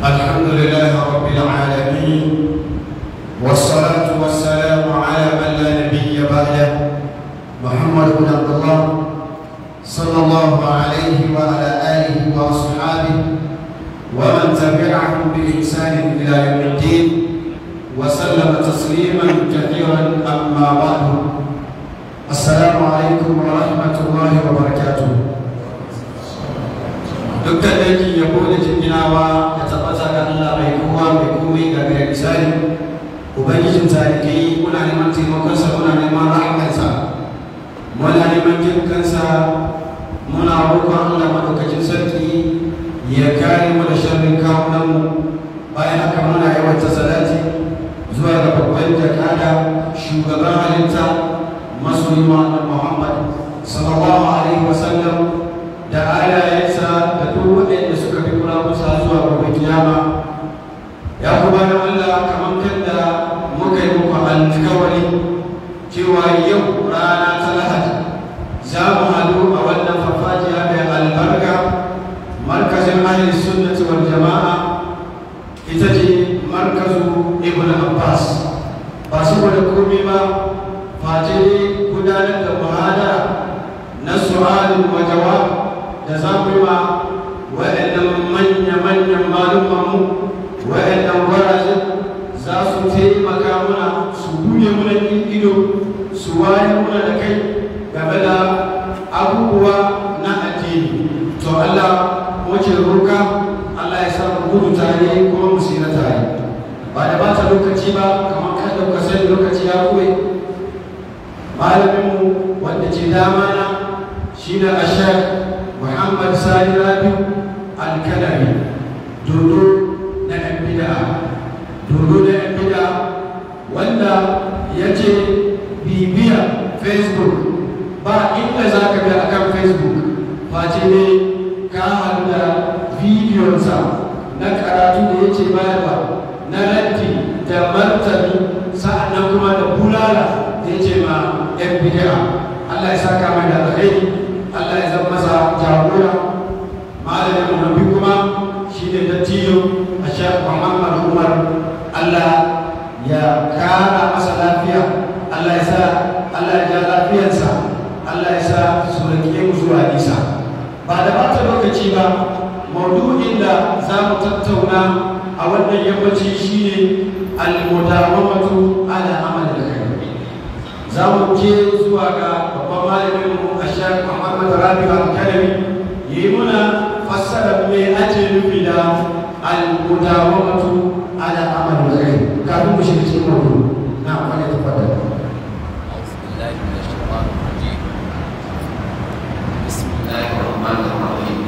الحمد لله رب العالمين والصلاة والسلام على من لا نبي بعده محمد بن عبد الله صلى الله عليه وعلى آله وأصحابه ومن تبعهم بإحسان إلى يوم الدين وسلم تسليما كثيرا أما بعد السلام عليكم ورحمة الله وبركاته دكتور يقول yake tabbata ga Allah mai kowa mai komai ga ga misali ubangijin yi muna neman taimakonsa muna neman rahamarsa muna neman jin kansa muna roƙon Allah madaukakin sarki ya kare mu da sharrin kawunan mu bayan haka muna wata salati zuwa ga babban jakada shugaban halitta masoyi ma'anar Muhammad sallallahu alaihi wasallam da alayensa da duk waɗanda suka kurakusa zuwa gaban kiyama ya kuma da Allah kamar kanda muka yi muku alkawari cewa lokaci ba kamar ka ɗauka lokaci ya kure malaminmu wanda ce dama na shi na ashar muhammad sani rabin alkalami dodo na yan bida dodo na yan bida wanda ya ce bibiya facebook ba inda za ka bi akan facebook face ne ka halda bidiyonsa na karatu da ya ce bayarwa na ranti da martani sa'annan kuma da bulala da ce ma yan bidiya Allah ya saka mai da alkhairi Allah ya zama masa jagora malamin muhabbi kuma shi ne dattijo a shekh Muhammad Umar Allah ya kara masa lafiya Allah ya sa Allah ya ja lafiyarsa Allah ya sa su rike mu zuwa nisa ba da bata lokaci ba maudu'in da za mu tattauna a wannan yammaci shine al-mudawamatu ala amal da kai za mu je zuwa ga babban malamin mu Ashaq Muhammad Rabi al-Kalami yi muna fassara me ake nufi da al-mudawamatu ala amal da kai kafin mu shiga cikin mawdu na wani tafadar بسم الله الرحمن الرحيم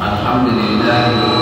الحمد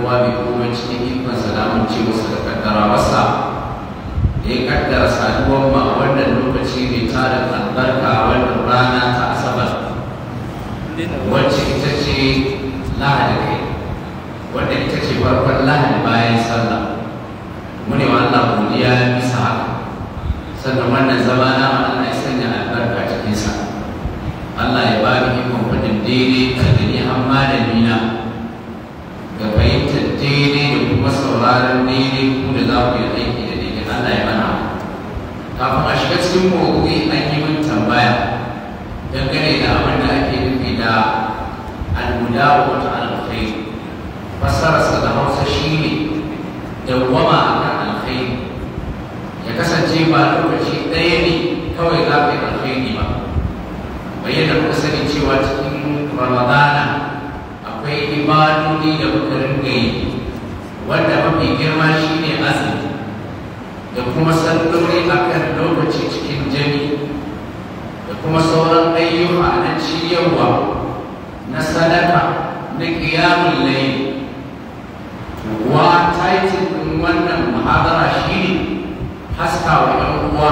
kowa bai kuma cikin ikon salamun ce wasu da kaddara wasa ya kaddara saduwan ma a wannan lokaci mai tarin albarka a wannan rana ta asabar wacce ita ce lahadi kai wanda ita ce farkon lahadi bayan sallah mune wa Allah godiya bisa haka sannan wannan zama na Allah ya sanya albarka sa Allah ya ba mu ikon fadin daidai ta gani amma da na ga fahimta daidai da kuma sauraron daidai ku da za ku yi aiki da daidai Allah ya mana kafin a shiga cikin mawuyi an yi min tambaya dangane da abin da ake nufi da almuda wata alkhairi fassararsa da hausa shine ne dawwama a kan ya kasance ba lokaci ɗaya ne kawai za ka yi alkhairi ba bayyana kuka sani cewa cikin ramadana akwai ibadodi da muka rinka wanda mafi girma shi ne azumi da kuma a akan lokaci cikin jami da kuma sauran ayyuka na ciyarwa na sadaka na kiyamun layi wa titin wannan muhabara shi ne haska wa ɗan uwa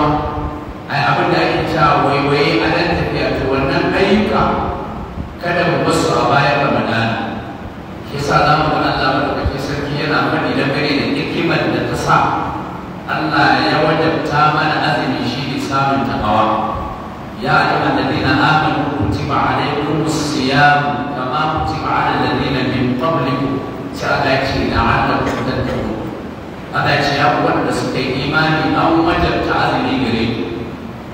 ai abin da ake cewa waiwaye a nan tafiya to wannan ayyuka kada mu basu a baya sa za mu da Allah madaukakin sarki yana faɗi dangane da hikimar da ta sa Allah ya wajabta mana azumi shi ne samun takawa ya ayyuhal ladina amanu kutiba alaykumus siyam kama kutiba alal ladina min qablikum sai Allah ya ce la'allakum tattaqun Allah ce ya wanda suka yi imani an wajabta azumi gare ku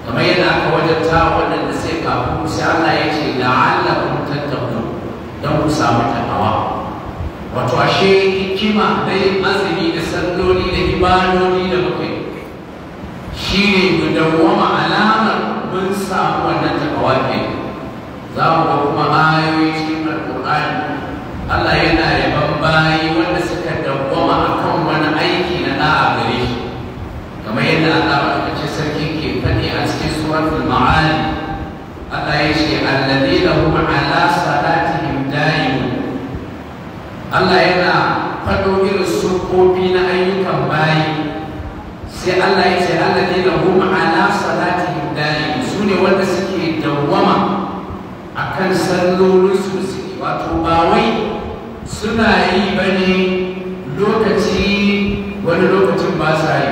kamar yadda aka wajabta waɗanda sai kafin sai Allah ya ce la'allakum tattaqun don ku samu takawa wato ashe hikima dai yin azumi da salloli da ibadoli da bakwai? shi ne mu dawwama alamar mun samu wannan takawa ke za mu ga kuma ayoyi cikin alƙur'ani Allah yana yaban bayi wanda suka dawwama akan wani aiki na da'a gare shi kamar yadda Allah madaukakin sarki ke faɗi a cikin suratul ma'ani Allah ya ce alladhi lahum ala salati Allah yana faɗo irin sukofi na ayyukan bayi sai Allah ya ce Allah ne huma ala salati dai su ne wanda suke dawwama kan sallolin su suke wato bawai suna yi bane lokaci wani lokacin ba sa yi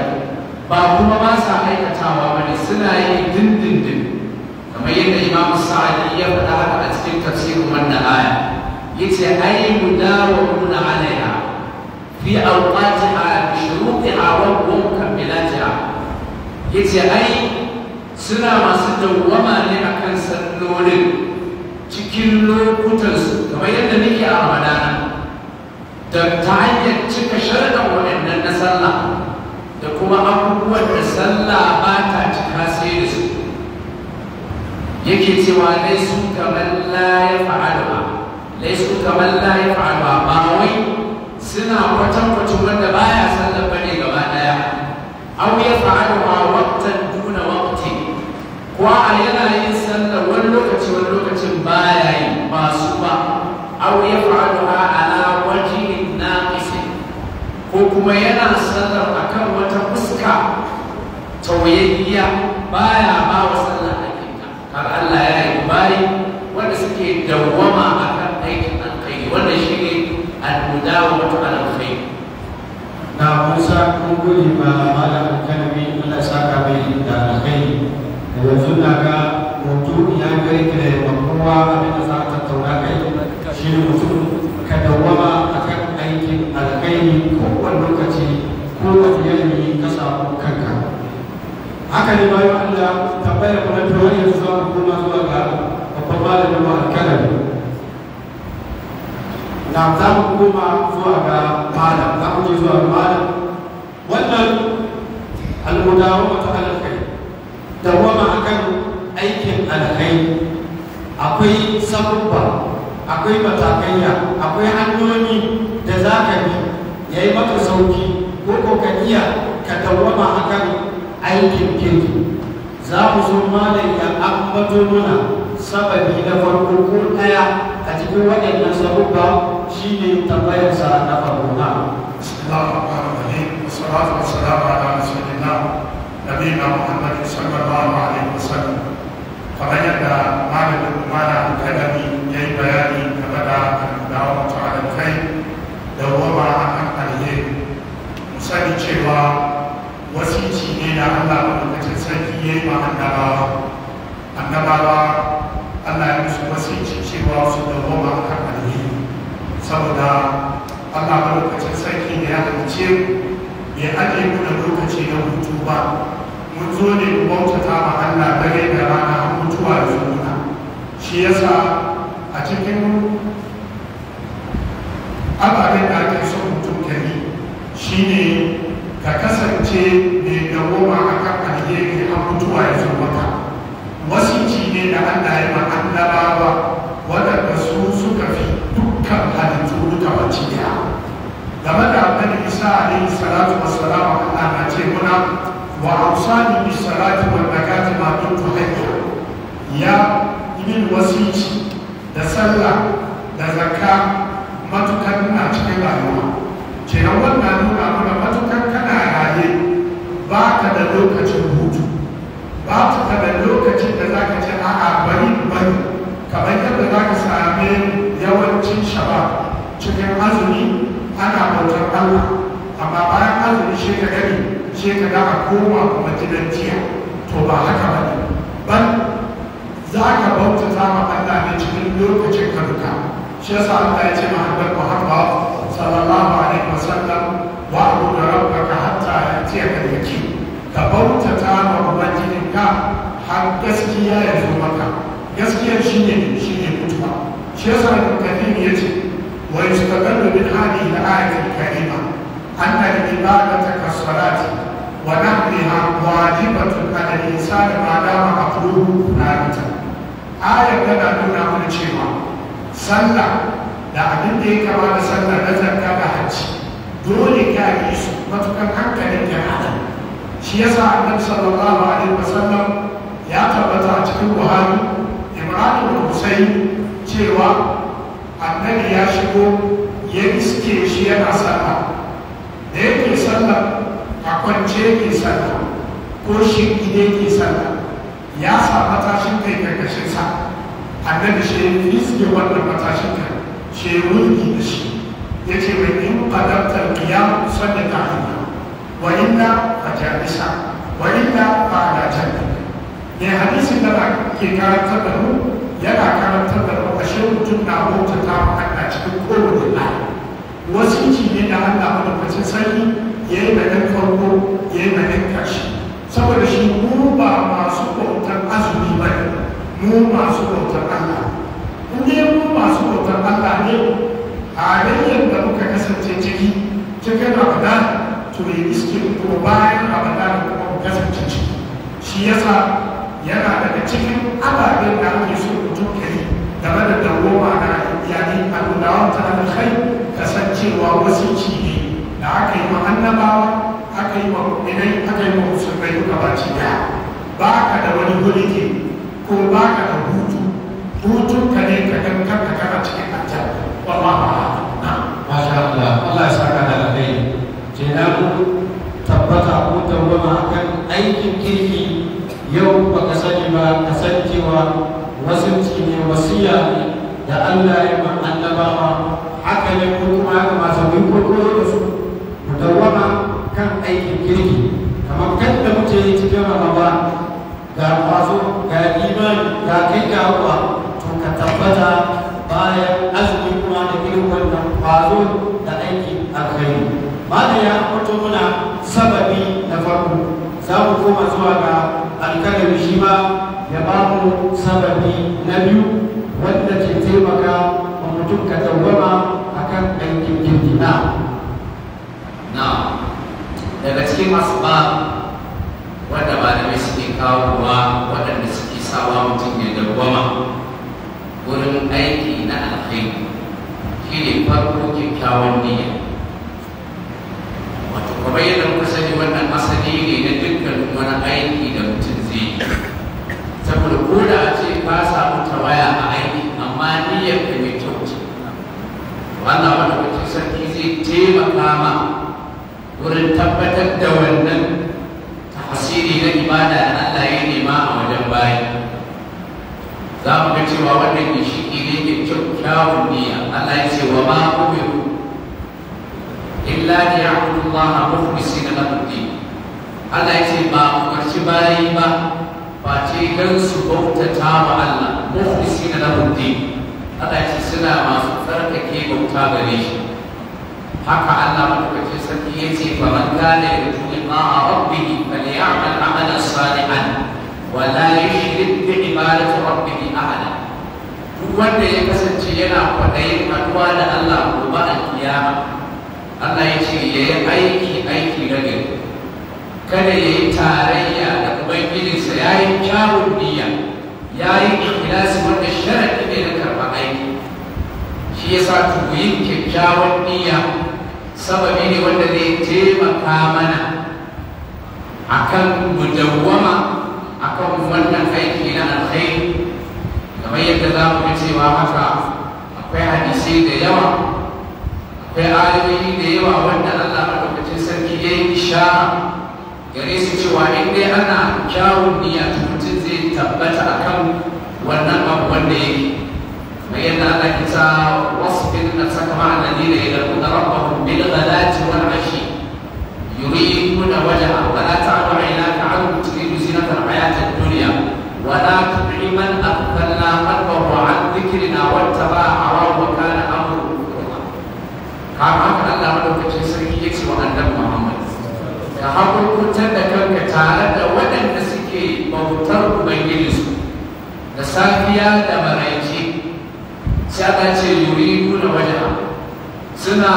ba kuma ba sa aikatawa bane suna yi dindindin kamar yadda imamu Sa'adi ya faɗa haka a cikin tafsirin wannan aya yace ai mudawaruna alaiha fi a bi shurutiha wa mukammilatiha yace ai suna masu dawwama ne akan sallolin cikin lokutansu kamar yadda muke a ramadana da ta hanyar cika sharaɗin waɗannan na sallah da kuma abubuwan da sallah ba ta cika sai da su yake cewa dai su kamar la ya fa'ala ba laisu kamar ya fa'ala ba wai suna kwatankwacin wanda baya ba bane gaba daya aw ya fa'ala ma waqtan duna waqti ko a yana yin sallar wani lokaci wani lokacin baya yi ba su ba aw ya fa'ala ala na naqis ko kuma yana sallar akan wata fuska tawayayya baya gode ma malam kalmi Allah saka mai da alkhairi yanzu na ga mutum ya kai da makowa abin da za a kai shi mutum ka dawama akan aikin alkhairi kowane lokaci ko wata yanayi ka samu kanka haka ne bayan Allah tabbaya kuma ta wani yanzu za mu koma zuwa ga babban malamin alkalami na za mu koma zuwa ga malam za mu je zuwa malam wannan al'udawa ta da wama akan aikin alkhairi akwai sabubba akwai matakaiya akwai hanyoyi da za ka bi ya yi maka sauki ko ko ka iya ka dawama akan aikin kirki za mu zo malam ya ambato mana sababi na farko ko ɗaya a cikin waɗannan sabubba shine tambayarsa na farko na والصلاة والسلام على سيدنا نبينا محمد صلى الله عليه وسلم malamin mana kalami ya yi bayani game da al'adawa ta kai da goma a kan alheri musali cewa wasici ne na allah lokacin sarki ya yi ma annabawa annabawa allah ya musu wasici cewa su da goma a kan allah lokacin sarki ne ya bai ajiye mu da lokaci na hutu ba mun zo ne mu bautata ma Allah dare da rana mutuwa da zuwa shi yasa a cikin ababen da ake son mutum ka yi ne ka kasance mai dawoma a kan alheri a mutuwa ya zo maka wasici ne da Allah ya ma annabawa waɗanda su suka fi dukkan halittu duka waciya game da abin isa alaihi salatu wassalamu Allah na ce muna wa awsani bis salati wal zakati ma kuntu hayya ya ibn wasici da sallah da zakka matukan na cikin rayuwa kenan wannan nuna mana matukan kana raye ba ka da lokacin hutu ba ka da lokacin da zaka ce a'a bari bari kamar yadda zaka same yawancin shaba cikin azumi ana bautar Allah amma bayan azumin shi ka gani shi ka daga koma kuma gidan jiya to ba haka ba ne ban za ka bautata ma Allah ne cikin lokacin ka duka shi yasa Allah ya ce ma haddan Muhammad sallallahu alaihi wa abu da rabbaka hatta yatiya kal yake. ka bautata ma ka har gaskiya ya zo maka gaskiya shi ne mutuwa shi yasa ibn ya yace wa yustaqallu min hadhihi al-ayati al-karima أن العبادة كالصلاة ونحوها واجبة على الإنسان ما دام عقله ثابتا آية تنا نونا من cewa sallah da abin da ya kama da sallah na zakka da hajji dole ka yi su matukan hankalin ya hada shi yasa annabi sallallahu alaihi wasallam ya tabbata a cikin buhari imran ibn husayn cewa annabi ya shigo ya iske shi yana sallah da yake sallah a kwance yake sallah ko shi gida yake sallah ya sa matashin kai karkashin sa annabi shi fiske wannan matashin kai shi wurgi da shi ya ce mai in fadabtar biya sanya ta hanya wa inna a jalisa wa inna a alajar ne hadisin da na ke karantar da mu yana karantar da mu mutum na mota ta Allah cikin kowane layi Wasu wasiki ne da Allah lokacin sarki ya yi da ɗan farko ya yi da ɗan ƙarshe saboda shi mu ba masu bautar azumi ba ne mu masu bautar Allah in ya mu masu bautar Allah ne halayyar da muka kasance ciki cikin ramadan to ya iske ko bayan ramadan da kuma kasance ciki shi yasa yana daga cikin ababen da ake so mutum ya yi game da dawoma na iyali a gudanar ta alkhai kasancewa wasu ci ne da aka yi wa annabawa aka yi wa aka yi wa musulmai duka baci daya ba ka da wani hulike ko ba ka da hutu hutun ka ne ka dan kanka kara cikin ba ma ba na masha Allah Allah ya saka da na ku tabbata ku tambama kan aikin kirki yau ka sani ba kasancewa wasu ne wasu ne da Allah ya ba annabawa haka ne ko kuma haka masu yi kokoro da su mu dawwama kan aikin kirki kamar kan da muke yi cikin ramadan ga kwazo ga imani ga kai ga hawa to ka tabbata bayan azumi kuma da irin wannan kwazo da aiki alkhairi malam ya mutu muna sababi na farko za mu koma zuwa ga alkalami shi ma ya ba mu sababi na biyu wanda ke taimaka wa mutum ka dawwama akan aikin kirki na na daga cikin ba wanda malamai suke kawowa waɗanda suke sawa mutum ya dawwama wurin aiki na alkhairi shi ne farko kyakkyawan niyya wato kamar yadda muka sani wannan asali ne na tabbatar da wannan tafsiri na ibada da Allah ya nema a wajen bayi za mu ga cewa wannan shi ne ke kyakkyawan niyya Allah ya ce wa ma umiru illa liya'budu Allah mukhlisina lahu din Allah ya ce ba umarci bayi ba ba? ce don su bautata wa Allah mukhlisina lahu din Allah ya ce suna masu tsarkake bauta gare shi haka Allah madaukakin sarki ya ce fa man kana yarju liqa'a rabbih falyamal amalan salihan wa la yushrik bi ibadati rabbih ahada duk wanda ya kasance yana kwaɗayin haɗuwa da Allah gobe alkiyama Allah ya ce ya yi aiki aiki na gari kada ya yi tarayya da ubangijinsa ya yi kyawun niyya ya yi ikhlasi wanda sharaɗi ne na karɓar aiki ya sa ku yi kyakkyawan niyya sababi ne wanda zai taimaka mana kan mudawwama akan wannan aiki na alkhairi kamar yadda za mu ga cewa haka akwai hadisai da yawa akwai ayoyi da yawa wanda Allah lokacin sarki ya yi ishara gare su cewa in dai ana kyawun niyya to mutum zai tabbata akan wannan abu wanda yake وإن أنك واصبر نفسك مع الذين يدعون ربهم بالغداة والعشي يريدون وجهه ولا تعد عيناك عنهم تريد زينة الحياة الدنيا ولا تطع من أغفلنا قلبه عن ذكرنا واتبع هواه وكان أمره كما قال الله لو كنت سيدي وأنت محمد كهبوا sai Allah ce yuri na waje suna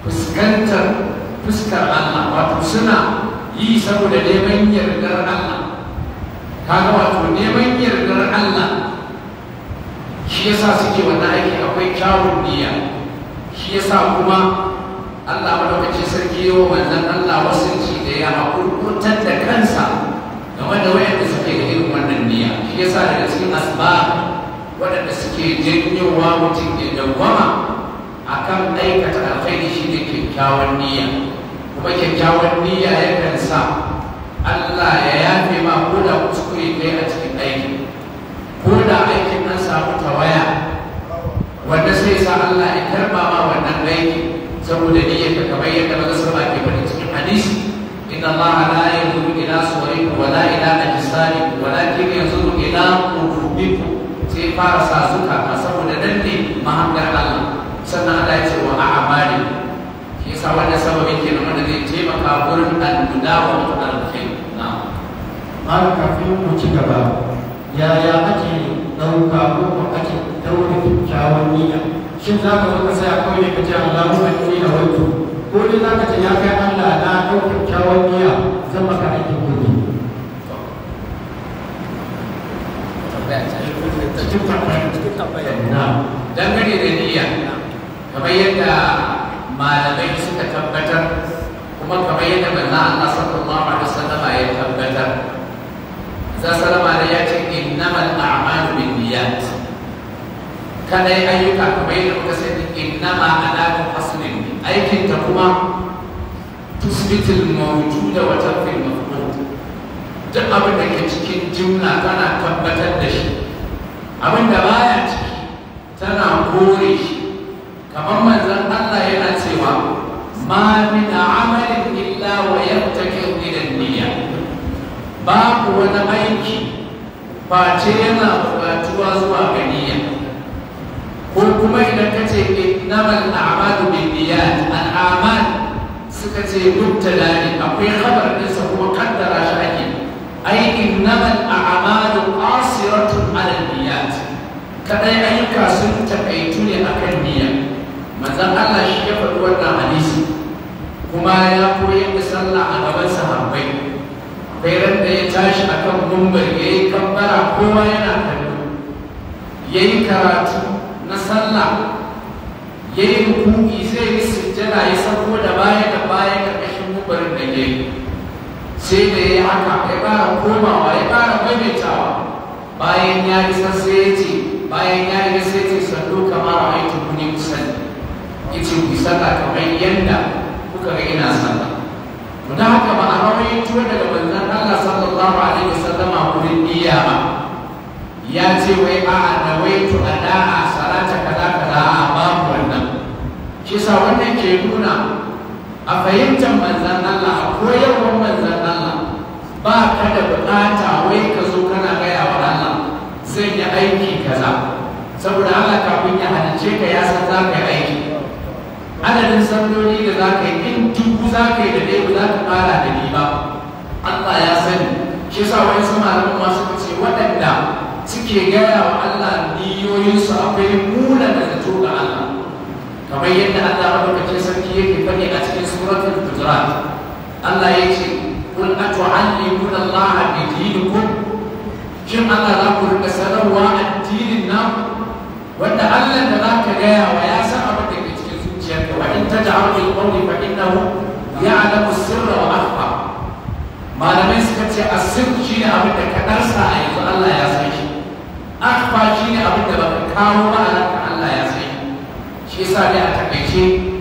fuskantar fuskar Allah wato suna yi saboda neman yardar Allah kaga wato neman yardar Allah shi yasa suke wannan aiki akwai kyawun niyya shi yasa kuma Allah wace sarki yau manzon Allah wasanci da ya hakurkuntar da kansa game da wayanda suke da irin wannan niyya shi yasa daga cikin asbab waɗanda suke janyowa mutum ya a akan aikata alkhairi ne kyakkyawan niyya kuma kyakkyawan niyya yakan sa Allah ya yafe ma ko da kuskure kai a cikin aiki ko da aikin nan samu waya. wanda sai sa Allah ya karba ma wannan aiki saboda niyyar ka kamar yadda maza sama ke faɗi cikin hadisi inna Allah la yanzuru ila suwarikum wa ila ajsadikum walakin yanzuru ila qulubikum sai fara sa zuka saboda nan ne mahangar Allah sannan Allah ya ce wa a'amali shi yasa wannan sababi ke nan wanda zai taimaka gurin al-mudawa wa al-khair na har kafin mu ci gaba yaya ake ɗauka ko ake daure kyakkyawan niyya shin za ka zo ka saya kawai ka ce Allah mu ne da wato ko dai za ka ce ya kai Allah na ɗauka kyakkyawan niyya zan maka aikin gobe. cikin dangane da niyya kamar malamai suka tabbatar kuma kamar yadda manzo Allah sallallahu alaihi wasallam ya tabbatar za ya ayyuka kuma duk abin da ke cikin jumla tana tabbatar da shi abin da baya ciki tana kore shi kamar manzan Allah yana cewa ma min amalin illa wa yattaqi ilan niyya babu wani aiki face yana bukatuwa zuwa ga niyya ko kuma idan ka ce innamal a'malu binniyat al'amal suka ce mutta akwai khabar ɗinsa kuma kaddara shi ake ai innamal a'malu ma ya koyar da sallah a gaban sahabbai kai ran da ya tashi a kan gumbar ya yi kambara kowa yana kallo ya yi karatu na sallah ya yi hukuki zai yi sujjada ya sako da baya da baya ƙarƙashin gumbarin da ya yi sai da ya yi haka ya ƙara komawa ya ƙara maimaitawa bayan ya yi sai ya ce bayan ya yi sai ya ce sallo kamar a aiki kuni musalli ya ce ku sallah kamar yadda kuka ga ina sallah to da haka ma'anar rawaito daga manzan Allah sallallahu alaihi wasallama wurin niyya ba ya ce wai a nawaitu ada'a salata kaza kaza a babu wannan shi sa wannan ke nuna a fahimtar manzon Allah a koyarwar manzon Allah ba ka da bukata wai ka zo kana gaya wa Allah zan yi aiki kaza saboda Allah kafin ya halice ka ya san za ka yi aiki adadin sandoni da za ka yi ku za ka yi da dai ba za ka fara da ni ba Allah ya sani shi yasa wani sama malaman suka ce waɗanda suke gaya wa Allah niyoyinsu akwai mula da zato ga Allah kamar yadda Allah ce sarki yake faɗi a cikin suratul hujurat Allah ya ce kul atu'allimuna Allah bi dinikum shin Allah za ku rika sanarwa addinin na? wanda Allah da za ka gaya wa ya تجعر بالقول فإنه يعلم السر وأخفى ما لم يسكت السر شيء أبدا كدرس أيضا الله يسعيش أخفى شيء أبدا بكاو ما الله يسعيش شيء سالي أتكيشي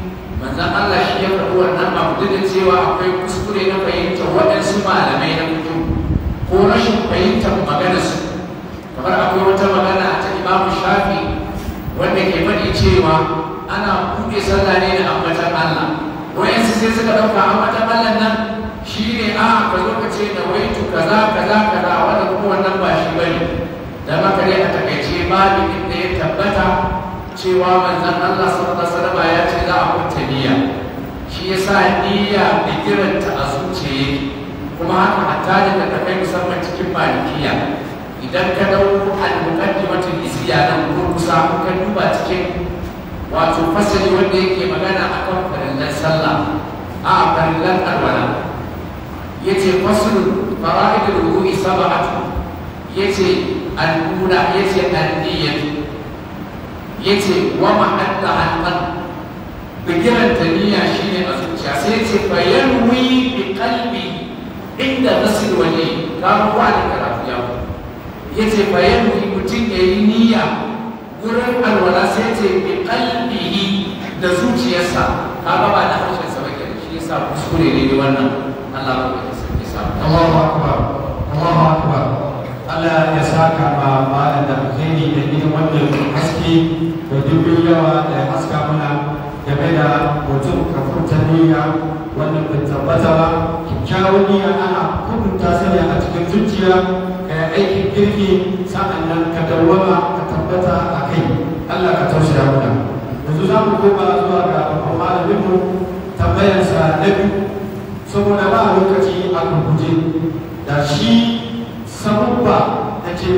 manzan Allah shi ya faɗi wannan abu da cewa akwai kuskure na fahimtar waɗansu malamai na fito ko rashin fahimtar maganarsu kamar akwai wata magana ta imamu shafi wanda ke faɗi cewa ana buɗe sallah ne da ambatan Allah wayansu sai suka dauka ambatan Allah nan shi ne a ah, ka zo ka ce da waitu kaza kaza kaza wanda kuma wannan ba shi bane da maka dai a takaice babu inda ya tabbata cewa manzon Allah sallallahu alaihi wasallam ya ce za a kunta niyya shi yasa niyya bigiran ta a zuciya kuma haka hatta da kai musamman cikin malikiya idan ka dauko al muqaddimatu isiya ko kusa ka duba cikin wato fasali wanda yake magana a kan farillan sallah a farillan alwala ya ce fasulun fara'idul wudu'i sab'atu ya ce al'ula ya ce al'iyyatu ya ce wa ma'adda al'an bigiran taniya shi ne a zuciya sai ya ce bayan wuyi bi kalbi inda nasil wani Ka kowa da karatu ya ce bayan wuyi mutum ya yi niyya wurin alwala sai ce bi kalbihi da zuciyarsa kaga ba da harshen sa bake shi yasa kuskure ne wannan Allah ya ya sa Allahu akbar Allahu akbar Allah ya saka ma malam da alheri da wanda wannan haske da dubin yawa da ya haska mana game da mutum kafurta niyya wannan bai tabbata ba kyakkyawan niyya ana hukunta sanya a cikin zuciya ka yi aikin kirki sa'annan ka dawwama tabbata a kai Allah ka tausaya muna yanzu za mu koma zuwa ga malaminmu tambayarsa na biyu saboda ba lokaci a gurguje da shi sabubba da ce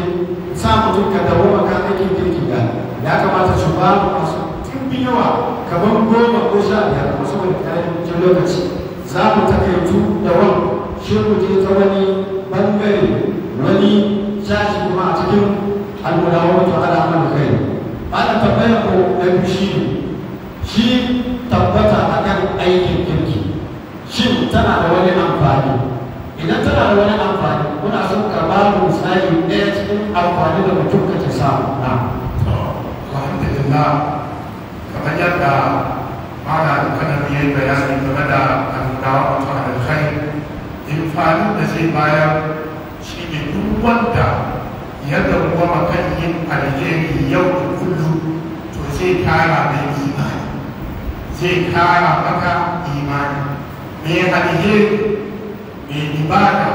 sa duka da dawo maka aikin kirki ga ya kamata su ba masu ɗimbin yawa kamar goma ko sha biyar kuma saboda karancin lokaci za mu takaitu da wani shi je ta wani bangare wani shashi kuma a cikin almudawamatu ala amal kai ana tambayar ko na shi ne shi tabbata akan aikin kirki shin tana da wani amfani idan tana da wani amfani muna son karɓa misali ɗaya cikin amfani da mutum ka ta samu na alhamdulillah kamar yadda mana dukkanin ya yi bayani game da almudawamatu ala kai amfanin da zai bayar shi ne duk wanda yadda kuma kan yin alheri yau da kullum to zai kara mai imani zai kara maka imani mai alheri mai ibada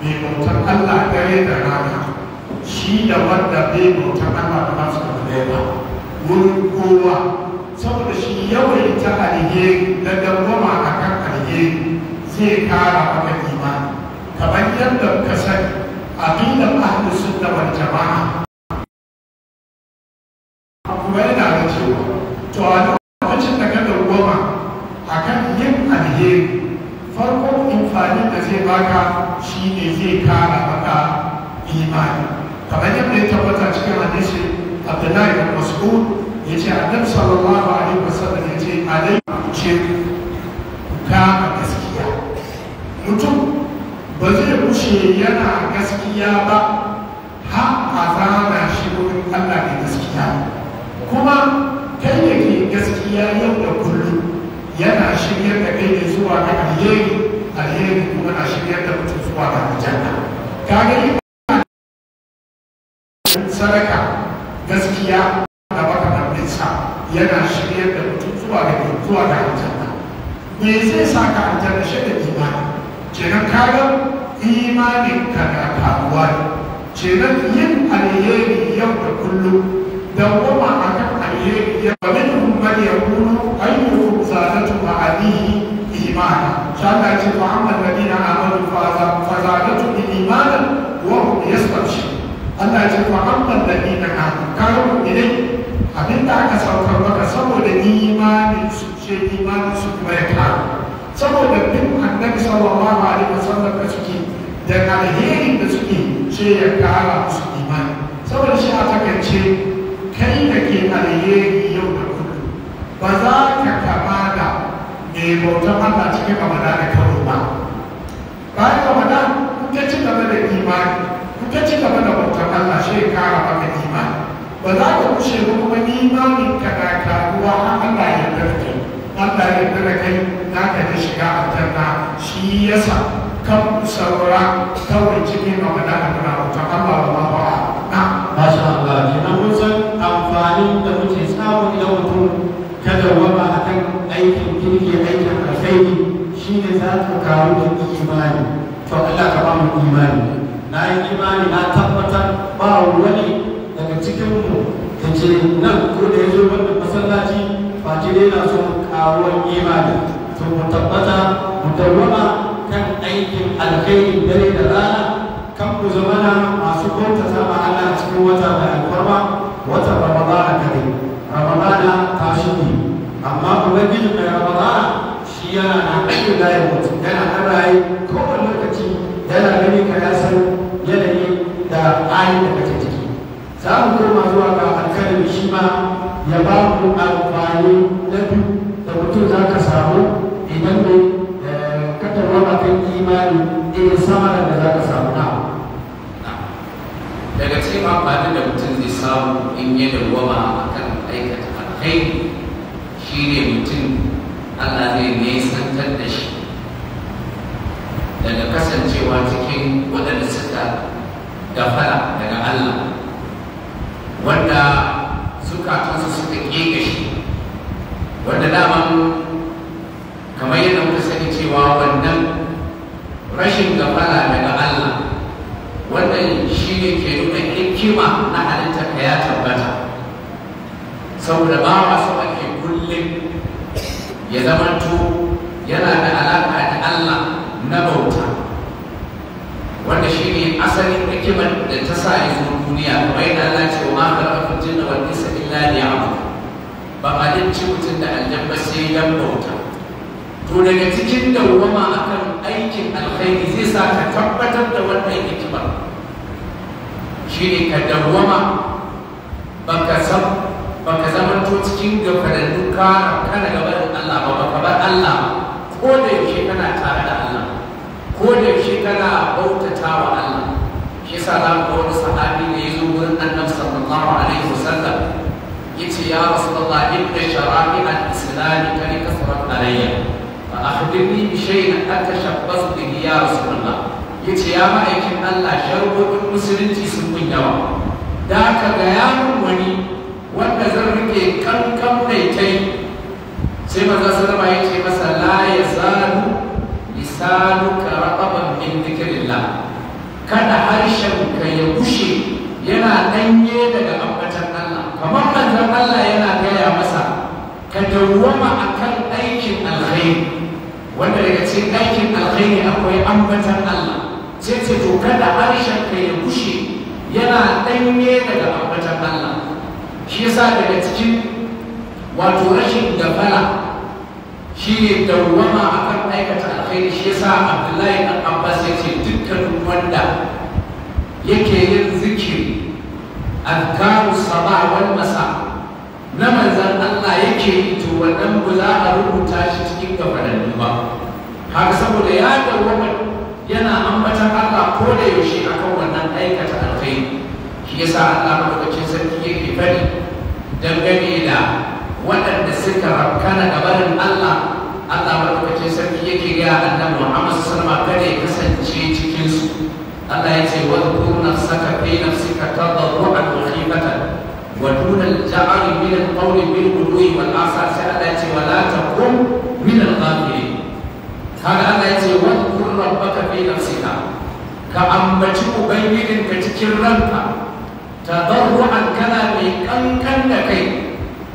mai bautar allah dare da rana shi da wanda bai bautar allah da za su da ba wurin kowa saboda shi ta alheri da a akan alheri zai kara maka imani kamar yadda ka sani abinda ahlu sunna wal jama'a kuma yana da cewa to a lokacin da ka dawwama akan yin alheri farko amfanin da zai baka shi ne zai kara maka imani kamar yadda ya tabbata cikin hadisi Abdullahi bin Mas'ud yace Annabi sallallahu alaihi wasallam yace alaihi ce ka gaskiya mutum ba zai kushe yana gaskiya ba har a zana shi wurin Allah da gaskiya kuma kai da ke gaskiya yau da kullum yana shiryar da kai ne zuwa ga alheri alheri kuma na shiryar da mutum zuwa ga aljanna kaga ina sadaka gaskiya da makamanninsa yana shiryar da mutum zuwa ga zuwa ga aljanna me zai sa ka aljanna shi da imani kenan ga. imanin ka na ce kenan yin alheri yau da kullum a akan alheri yau minhum man yakunu ayyuhum ba ma'alihi imana shaka ce Muhammad fa amma ladina ba fa zadatu imana wa ya yastabshirun Allah ce Muhammad amma ladina a karu idan abin da aka saukar maka saboda imanin su ce imanin su kuma ya karu saboda bin annabi sallallahu alaihi wasallam ka suke da alherin da suke ce ya kara musu imani saboda shi a takance kai da ke alheri yau da kullum ba za ka kama da mai bautan Allah cikin abada da karo ba bayan abada in ka ci gaba da imani ci gaba da bautan imani ba za ka kushe ba kuma imanin ka na karuwa har Allah ya da kai Allah ya yarda kai za ka ji shiga aljanna shi yasa kan saura wani cikin magana a kana ta kama wa mawa na masha Allah kenan mun san amfani da muke samu idan mutum ta dawama a kan aikin kirki aikin alkhairi shine za ka karu da imani to Allah ka ba mu imani na yi imani na tabbatar ba wani daga cikin mu da nan ko da ya zo wannan masallaci ba ta daina son karuwar imani to mu tabbata mu dawama kan aikin alkhairi dare da rana kan ku zamana masu kwanta ma Allah cikin wata mai alfarma wata ramadana kare ramadana ta shige amma ubangiji mai ramadana shi yana na aiki da ya mutu yana an kowane lokaci yana gani ka ya san yanayi da ayin da kake ciki za mu koma zuwa ga alkalin shi ma ya ba mu amfani na biyu da mutum za ka samu idan mai dawwama imani eh da za ka samu na daga cikin amfani da mutum zai samu in yi ya a kan aikata shi ne mutum Allah zai nesantar da shi daga kasancewa cikin waɗanda suka gafara daga Allah wanda zukatansu suka ƙeƙe shi wanda daman kamar yadda muka sani cewa wannan rashin gafara daga Allah wannan shi ne ke nuna hikima na halittar ka ya tabbata saboda ba masu ake kullum ya zamanto yana da alaƙa da Allah na bauta wanda shi ne asalin hikimar da ta sa ya zo duniya kamar yadda Allah ce wa ma karfafin jinna wal isa illa ne ba a mutum da aljan sai dan bauta to daga cikin dawwama akan aikin alkhairi zai sa ka tabbatar da wannan hikima shine ka dawwama baka san baka zama to cikin gafarannu ka kana gaban Allah ba baka bar Allah ko da yake kana tare da Allah ko da yake kana bautata wa Allah shi yasa za mu ga wani sahabi da ya zo wurin Annabi sallallahu alaihi wasallam yace ya Rasulullah inna shara'i al-islam kan kasrat alayya akhbirni bi shay'in atashabbasu bihi ya rasulullah yace ya ma'aikin Allah sharuɗin musulunci sun mun yawa da aka ga yaron wani wanda zan rike kankan mai kai sai maza su rama yace masa la ya zalu lisanuka raqaban min kada harshen ka ya bushe yana ɗanye daga ambatan Allah kamar manzon Allah yana gaya masa ka dawwama akan aikin alkhairi wanda daga cikin aikin alkhairi akwai ambatan Allah sai ce to kada harshen ka ya bushe yana ɗanye daga ambatan Allah shi yasa daga cikin wato rashin gafara shi ne dawwama akan aikata alkhairi shi yasa Abdullahi dan Abbas ya ce dukkanin wanda yake yin zikiri azkaru sabah wal masa' na manzan Allah yake yi to wannan ba za a rubuta shi cikin gabanin ba har saboda ya dawo yana ambata Allah ko da yaushe akan wannan aikata alkhairi shi yasa Allah madaukakin sarki yake fadi dangane da waɗanda suka rakkana da barin Allah Allah madaukakin sarki yake ga annabi Muhammad sallallahu alaihi wasallam kada ya kasance cikin su Allah ya ce wa dhkur nafsaka nafsika tadarruan ودون الجعل من القول بالغلو والآثار سألت ولا تكن من الغافلين هذا الله يتي واذكر ربك في نفسك كأمتي أبين كتكرنك تضرعا كذا بكنكن لكي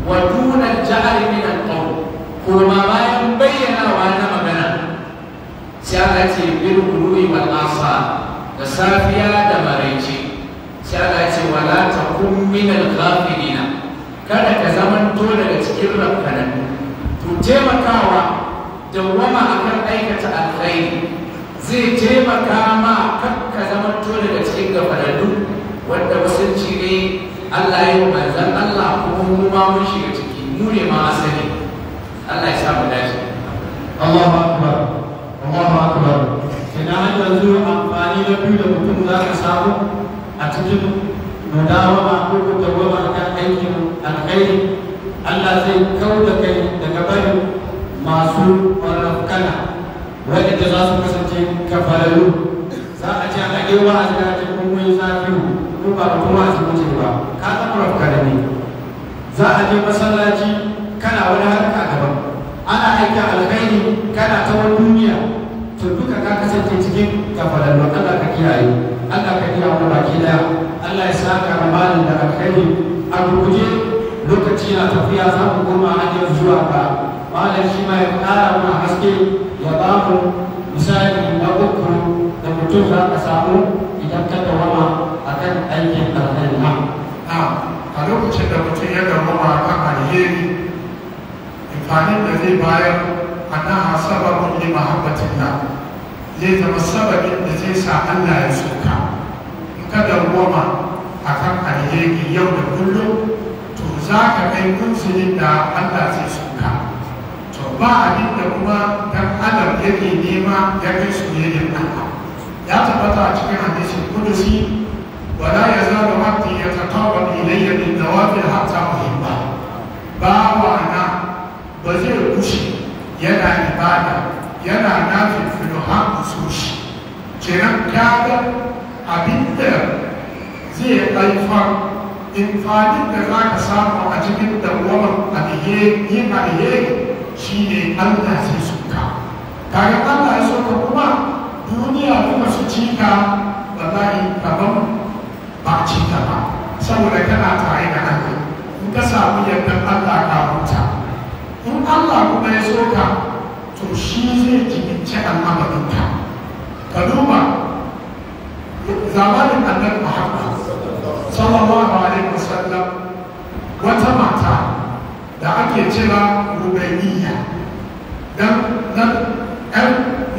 ودون الجعل من القول كما ما ينبين وانا مغنى سألت بالغلو والآثار da safiya da maraice sai Allah ya ce wala takum minal ghafilina kada ka zaman to daga cikin rafkanan to taimakawa dawwama akan aikata alkhairi zai taimaka ma kan ka zaman to daga cikin gafalallu wanda musulci ne Allah ya yi manzan Allah kuma mu ma mun shiga ciki mu ne ma asali Allah ya sa mu dace Allahu akbar Allahu akbar kina har yanzu amfani na biyu da mutum za ka samu a cikin mudawama ko ku dawama kan aikin alkhairi Allah zai kau kai daga barin masu warafkana waɗanda za su kasance kafararru za a ce a ɗage wa a zira cikin mun zafi ko ba kuma a cikin ce ba ka zama warafkana ne za a je masallaci kana wani harka gaban ana aikin alkhairi kana ta wani duniya to duka ka kasance cikin kafararru Allah ka kiyaye baki daya allah ya saka ramadan da alkhairi a guje lokaci na tafiya za mu koma hanyar zuwa ga malam shi ma ya kara mana haske ya ba mu misali na uku da mutum za ka samu idan ka dawama a kan aikin alkhairi a lokacin da mutum ya dawama a kan alheri amfanin da zai bayar annaha sababun mahabbatin na zai zama sababin da zai sa Allah ya soka kada goma a kan alheri yau da kullum to za ka kai munzilin da allah zai suka to ba abin da kuma dan adam yake nema ya kai soyayyar allah ya tabbata a cikin hadisin kudusi ولا يزال عبدي يتقرب الي بالنوافل حتى Ba باوانا ana ba zai عباده yana ibada. Yana nafin filo har kuso kenan abin da zai haifar amfanin da za ka samu a cikin dawamar yin alheri shi ne allah zai suka kaga allah ya suka kuma duniya kuma su cika wallahi kaman ba cika ba saboda kana tare da allah in ka samu yadda allah ka huta in allah kuma ya soka to shi zai jibinci al'amarinka ka duba zamanin annan muhammad sallallahu alaihi wasallam wata mata da ake cira rubeniya na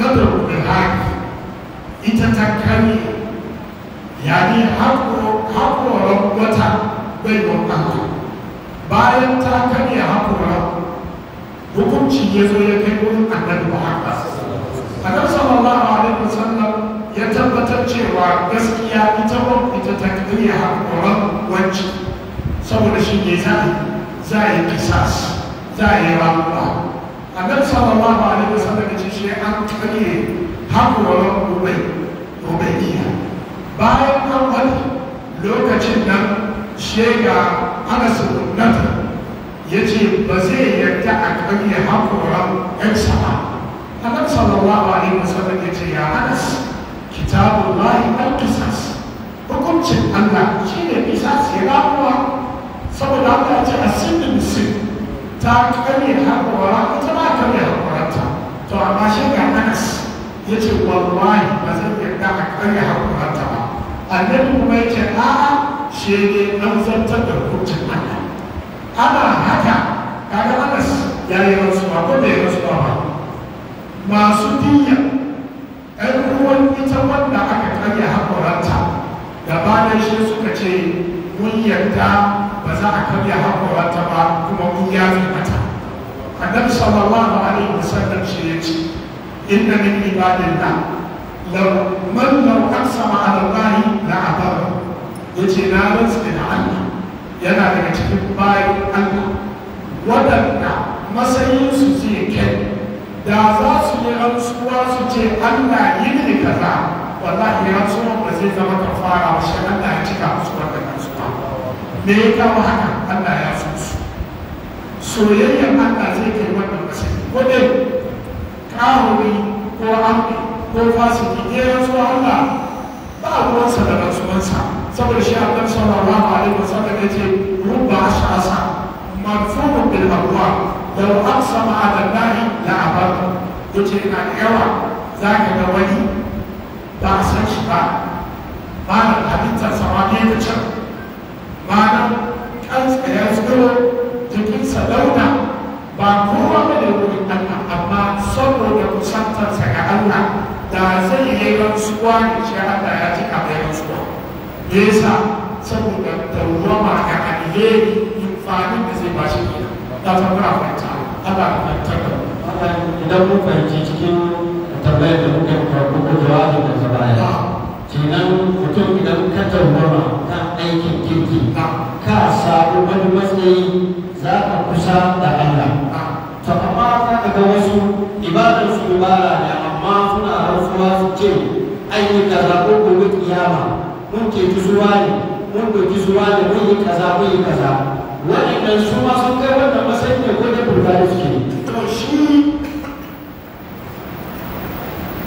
da rubenaki ita ta kari yani haƙoron wata bai wakanta bayan ta a haƙoron hukunci ya zo ya kai wurin annan muhammad a kan sallallahu tabbatar cewa gaskiya ita ita ta iya haƙoran wanci saboda shi ne za a yi kisas za a yi ramuwa annabi an bayan an wani lokacin nan shega anas nata ya ce ba zai yarda a karye haƙoran ƴan sama annabi sallallahu alaihi wasallam ya kitabun lahi al kisas hukuncin Allah shi ne kisas ya saboda Allah ce a sinin ta karye haƙora ita ma karye haƙoranta to amma shi ga anas ya ce wallahi ba zan yarda a karye haƙoranta ba annabi kuma ya ce a'a shi ne an zartar da hukuncin Allah ana haka kaga anas ya yi rasuwa ko bai rasuwa ba masu diya ɗan ruwan ita wanda aka karya haƙoranta gabanin shi suka ce mun yarda ba za a karya haƙoranta ba kuma mun fi mata annabi sallallahu alaihi wasallam shi ya ce inna min ibadillah law man law aqsama ala allahi la abara yace na ne da Allah yana daga cikin bayan Allah wadanda masayin su da za su yi rantsuwa su ce Allah yi ne kaza wallahi rantsuwa ba zai zama fara ba shi Allah ya cika su wannan rantsuwa me ya kawo haka Allah ya so su soyayyar Allah zai kai wannan kashe ko dai kahuri ko amfi ko fasiki ya rantsuwa Allah ba ruwansa da rantsuwansa saboda shi Allah sallallahu alaihi wasallam ya ce rubba ashasa marfumun bil abwab lau aqsama ala allahi la abata yace ina da yawa zaka ga wani ba a san shi ba malam halittar sama ne da can malam kansa ya tsiro jikinsa launa ba kowa ba da wurin Allah amma saboda kusantarsa ga Allah da zai yi rantsuwa da shi Allah ya ji kamar rantsuwa me yasa saboda dawwama ga alheri amfani da zai ba shi kenan ka san kuna fahimta Allah ka fahimta da idan mun fahimci cikin tambayar da muka yi karɓo ko jawabi da ta baya kenan mutum idan ka tabbama kan aikin kirki ka samu wani matsayi za ka kusa da Allah to amma za ka ga wasu ibadar su ibada ne amma suna rantsuwa su ce an yi kaza ko gobe kiyama mun ke zuwa ne mun doki zuwa ne mun yi kaza mun yi kaza waɗannan su ma sun kai wannan matsayin ne ko da burga da suke to shi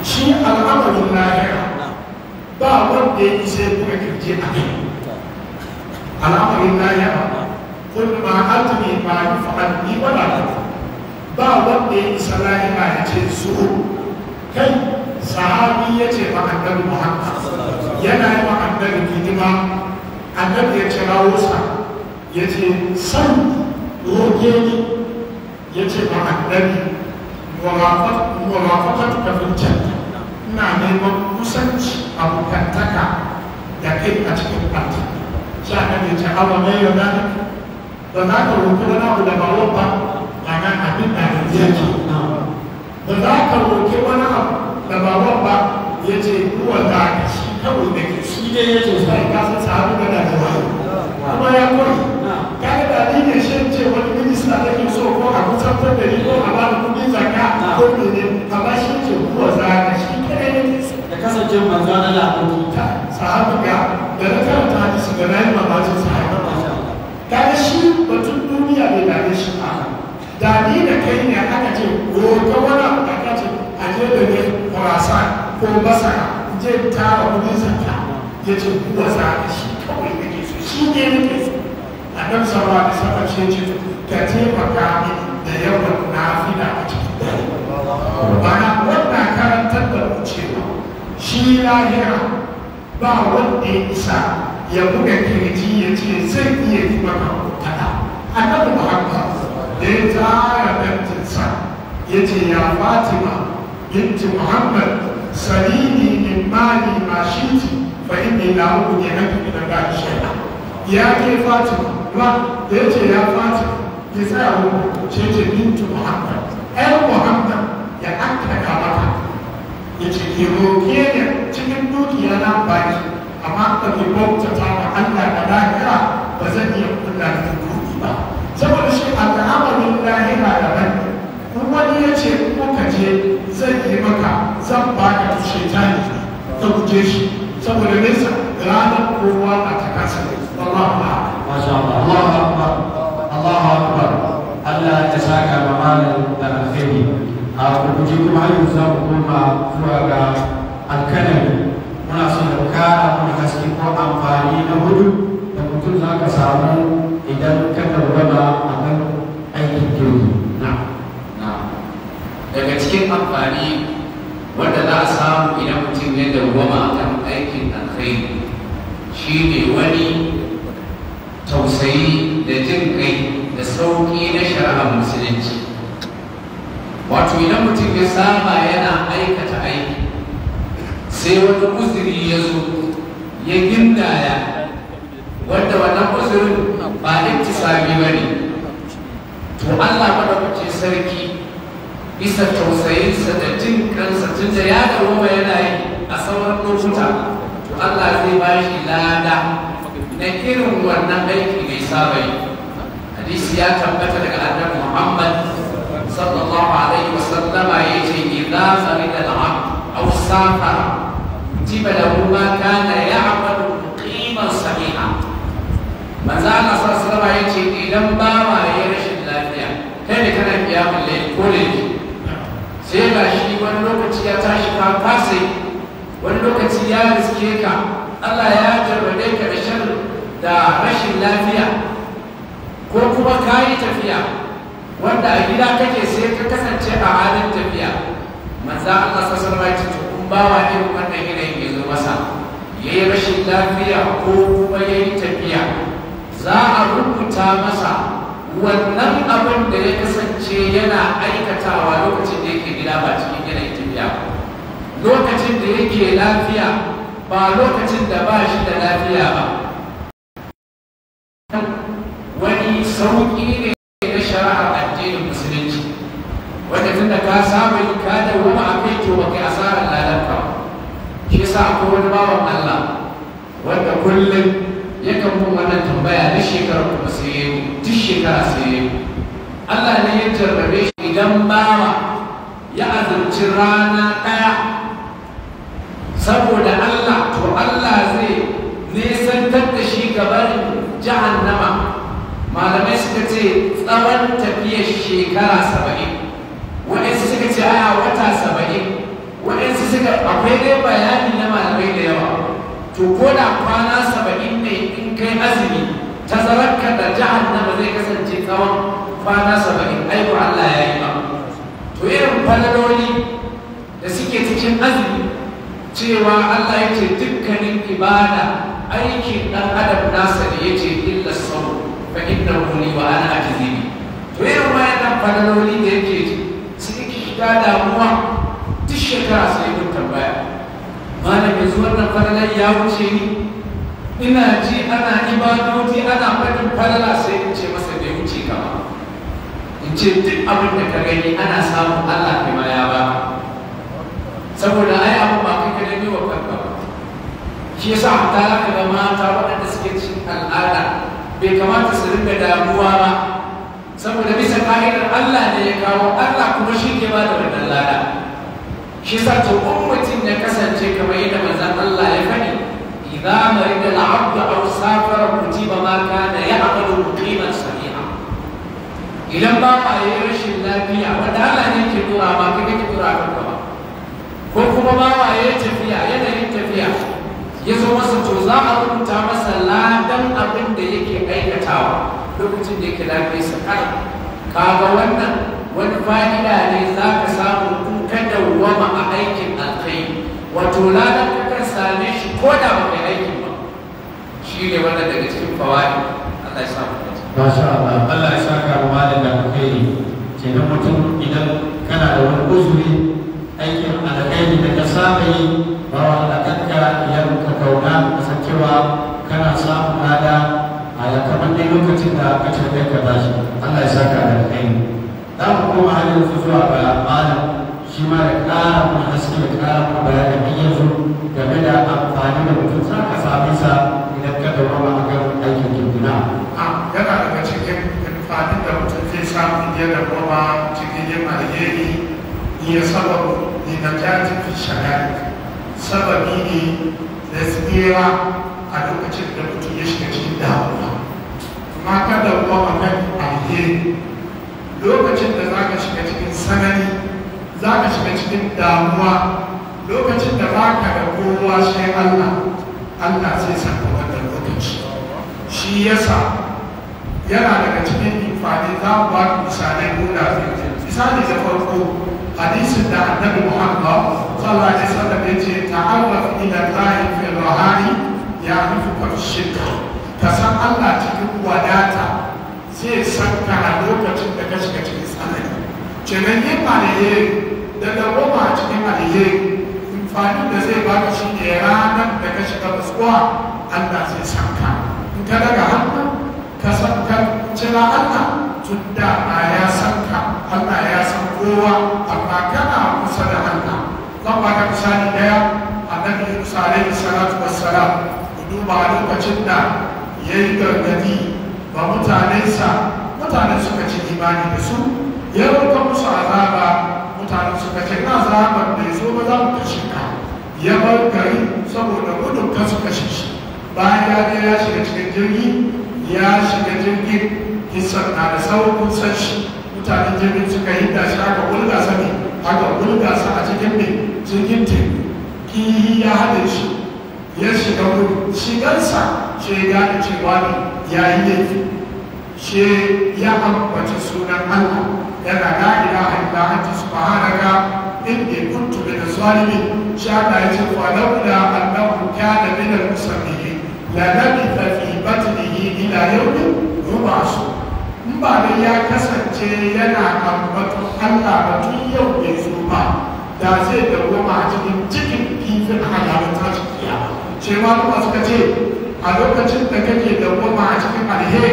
shi al'amarin lahira ba wanda ya yi sai kuma kirje a kai al'amarin lahira kun ma atumi ma yi faɗa ni ba wala ba wanda ya yi salahima ya ce zuwa kai sahabi ya ce ba a dan muhammad yana yi ba a dan hidima annabi ya ce rawosa ya ce san roƙe ni ya ce ba annabi warafatatu ka fi janna ina neman kusanci bukantaka da kai a cikin ɓarta shi a ya ce awa mai yana ne ba za ka roƙi wani abu da ba wani ba na abin da ya ce ba za ka roƙi wani abu da ba wani ba ya ce ruwa za ka shi kawai da ke shi ne ya ce sai ka san abu da na da kuma ya koyi kaga da ni ne shi ce wani minista da ke so ko a kusantar da ni ko a ba da kuɗin zakka ko mene amma shi ce kuwa zaka shi kadai ne da kasance manzon Allah ko ta sahabu ga da na karanta hadisi da na yi mamakin sahabu kaga shi batun duniya bai da shi ba da ni da kai ne aka ce roƙa wani abu aka ce a je da ne ko masara je tara kuɗin zakka ya ce kuwa zaka shi kawai so shi ne annabi sama da wasallam shi ce ka taimaka da yawan nafila a cikin dare bana wannan karantar da mu cewa shi lahira ba wanda ya isa ya buga kirji ya ce zai iya yi maka kaɗa annabi muhammad da ya tsara dantinsa ya ce ya fatima binti muhammad salini min mali ma shiti fa inni la ughni anka ya ke fatima ba da ya ce ya fata ya tsaya wani ce ce bintu muhammad ɗan muhammad ya hankaka maka ya ce ke roƙe ne cikin dukiya na baki amma ka ke bautata ma allah da lahira ba zan iya kula da kuɗi ba saboda shi al'amarin lahira daban kuma wani ya ce kuka je zan yi maka zan baka tushe jani ka guje shi saboda nesa ranar kowa a takasa wallahu ba. masha Allah akbar akbar Allah ya saka ma malam da alheri a kurkuce kuma har yanzu za mu koma zuwa ga alkalami muna son da kara haske ko amfani na hudu da mutum za ka samu idan ka dangana a aikin na daga cikin amfani wanda za samu idan mutum ya dawwama a kan aikin alkhairi shi ne wani tausayi da jin kai da sauƙi na shari'ar musulunci wato idan mutum ya saba yana aikata aiki sai wani uzuri ya zo ya gindaya wanda wannan uzurin ba iktisami ba ne to allah maɗaukacin sarki bisa tausayinsa da jin kansa tun da ya ba yana yi a sauran lokuta to allah zai ba shi lada na irin wannan aiki mai saba yi hadisi ya tabbata daga annabi muhammad sallallahu alaihi sallama ya ce idza da al-abd aw safa kutiba lahu ma kana ya'malu qiman sahiha manzo Allah sallallahu alaihi wasallam ya ce idan ba bawa ya rashin lafiya kai ne kana biya mallai ko ne sai ga shi wani lokaci ya tashi ka fase wani lokaci ya riske ka Allah ya jarrabe ka da sharri da rashin lafiya ko kuma kayi tafiya wanda a gida kake sai ka kasance a halin tafiya manzan Allah sassan ba ce kun bawa irin wannan yanayin ya zo masa ya yi rashin lafiya ko kuma ya yi tafiya za a rubuta masa wannan abin da ya kasance yana aikatawa lokacin da yake gida ba cikin yanayin tafiya lokacin da yake lafiya ba lokacin da ba shi da lafiya ba sauƙi ne na shari'ar addinin musulunci wanda tun da ka saba yi ka da wani abin to ba kai asarar lalanka shi sa ko wani bawan Allah wanda kullum yakan kuma wannan tambaya na shekarar kuma sai ya yi duk shekara sai ya yi Allah ne ya jarrabe shi idan bawa ya azurci rana ɗaya saboda Allah to Allah zai nisantar da shi gabanin jahannama malamai suka ce tsawon tafiyar shekara saba'in waɗansu suka ce aya wata saba'in waɗansu suka akwai dai bayani na malamai da yawa to ko da kwana saba'in ne in kai azumi ta tazararka da jahannama zai kasance tsawon kwana saba'in aiko Allah ya yi ba to irin falaloli da suke cikin azumi cewa Allah ya ce dukkanin ibada aikin ɗan adam nasa da ya ce illar sau. fa inna li wa ana ajizi bi to irin wayannan fadaloli da yake ji sai ki shiga damuwa duk shekara sai mun tambaya malam yanzu wannan fadalan ya wuce ni ina ji ana ibadoti ana faɗin fadala sai in ce masa bai wuce ka in ce duk abin da ka gani ana samun Allah kai maya ba saboda ai abu ba kai ka ne wa kanka ba shi yasa hatta ka ga mata waɗanda suke cin al'ada bai kamata su rinka damuwa ba saboda bisa ka'idar Allah ne ya kawo Allah kuma shi ke ba da wannan lada shi sa to mutum ya kasance kamar yadda manzon Allah ya faɗi idza marida al-abdu aw safara kutiba ma kana ya'malu qiman sahiha idan ba ma yi rashin lafiya wanda Allah ne ke dora ka kake dora ka ba ko kuma ba ma yi tafiya yanayin tafiya ya zo masa to za a rubuta masa ladan abin da yake aikatawa lokacin da yake lafiya sa kai kaga wannan wani fa'ida ne za ka samu kada ka dawwama a aikin alkai wato ladan ka kan same shi ko da ba kai aikin ba shi ne wanda daga cikin fawadi Allah ya sa mu Masha Allah, Allah ya saka mu malam da ke nan mutum idan kana da wani uzuri aikin alkai da ka saba yi Ba Allah kanka ya muka kauna kusan cewa kana samun lada a ya kamar dai lokacin da ka ce kai ka bashi Allah ya saka da kai za mu koma har yanzu zuwa ga malam shi ma da ƙara mun haske da ƙara mun bayani har yanzu game da amfani da mutum za ka sami sa idan ka dawo a kan aikin kirkina. yana daga cikin amfani da mutum zai samu iya da goma cikin yin alheri iya sababu ni na jati fi shagari sababi ne na tsira a lokacin da mutum ya shiga cikin damuwa amma kada kuma wannan alheri lokacin da za ka shiga cikin sanani za ka shiga cikin damuwa lokacin da ba ka da kowa shi allah allah sai saka wannan lokaci shi yasa yana daga cikin imfani za mu ba misalai guda misali da farko hadisin da annabi muhammad sallallahu alaihi wasallam ya ce ta'arraf ila allahi fil rahani ya rufuka shirka ka san allah cikin wadata zai sanka ka a lokacin da ka shiga cikin tsanani kenan yin cikin alheri amfanin da zai baka shi ne ranar da ka shiga matsuwa Allah zai san in ka daga hannu ka san ka jira Allah tun da ya san kowa amma kana kusa da Allah zan baka misali daya annabi Musa alaihi salatu wassalam ku duba lokacin da yayi gargadi ba mutanensa mutanen suka ci imani da su ya roƙa musu azaba mutanen suka ce na azabar da zo ba za mu kashe ka ya bar gari saboda gudun ka suka shi bayan ya ya shiga cikin jirgi ya shiga jirgin kisan na da sauƙin san mutanen jirgin suka yi da shi aka wulga sa aka wulga sa a cikin mai jirgin teku kihi ya haɗe shi ya shiga wurin shigarsa ce ya gane cewa ne ya yi laifi ce ya ambata sunan allah yana la ilaha illa anta subhanaka inni kuntu da zalimin shi aka yi ce fa laula annahu kana musamman ne la labitha fi batnihi ila yawmin su. in ba dai ya kasance yana ambaton Allah ba tun yau bai zo ba da zai dawoma a cikin cikin kifin halayen tashin kiyama cewa kuma suka ce a lokacin da kake dawoma a cikin alheri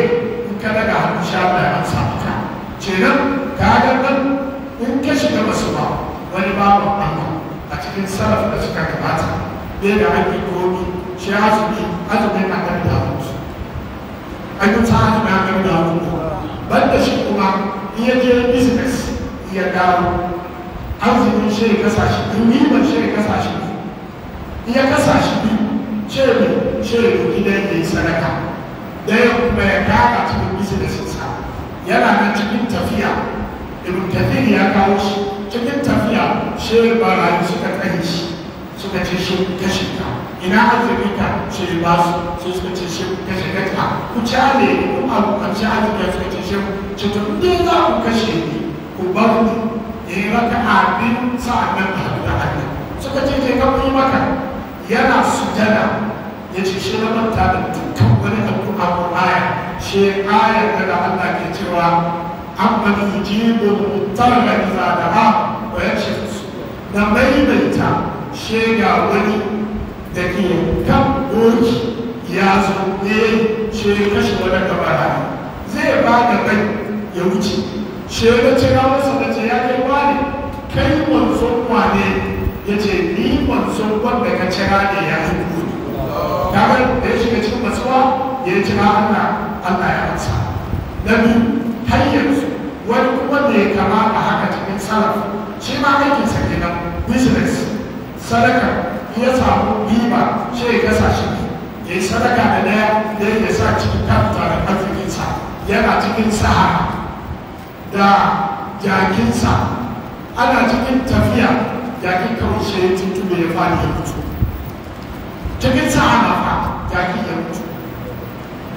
in ka daga hannu sha baya an samu ka kenan ka ga nan in ka shiga masu ba wani babu amma a cikin sarrafa da suka gabata bai da ake komi shi azumi azumin na kan da hannu ayyuka azumin na kan da hannu banda shi kuma iya je business ya dawo arzikin shi ya kasa shi in ribar shi ya kasa shi in ya kasa shi ce ne ce ne gidan ya yi sadaka ya kuma ya kara cikin sa yana nan cikin tafiya ibn kafir ya kawo shi cikin tafiya shi rayu suka tsaye shi suka ce shi kashe ka ina arziki ka shi ba su sai suka ce shi kashe ka ku cale abu a ci aka kai suka ce shi ce to za ku kashe ni ku bar ni ya yi raka abin haɗu da suka ce yi maka yana sujada ya ce shi na manta da dukkan wani abu a Qur'ani shi ayar da Allah ke cewa amma yujibu al-muttara idza da'a wa yakshifu da maimaita shega wani da ke kan ya zo eh she kashe wani gabara zai ba da kai ya wuce ce na cira masa ce ya kai wani kai wanzon wane ya ce ni wanzon wanda ka cira ne ya fi gudu kamar da ya shiga cikin matsuwa ya cira allah allah ya amsa na biyu har yanzu wani kuma ya kama a haka cikin salaf shi ma aikinsa kenan business sadaka ya samu riba shi ya kasa shi ya sadaka da daya ya sa cikin kanta da yana cikin saha da jakinsa ana cikin tafiya jakin kamar shi ya tuntube ya fadi ya mutu cikin saha na ya mutu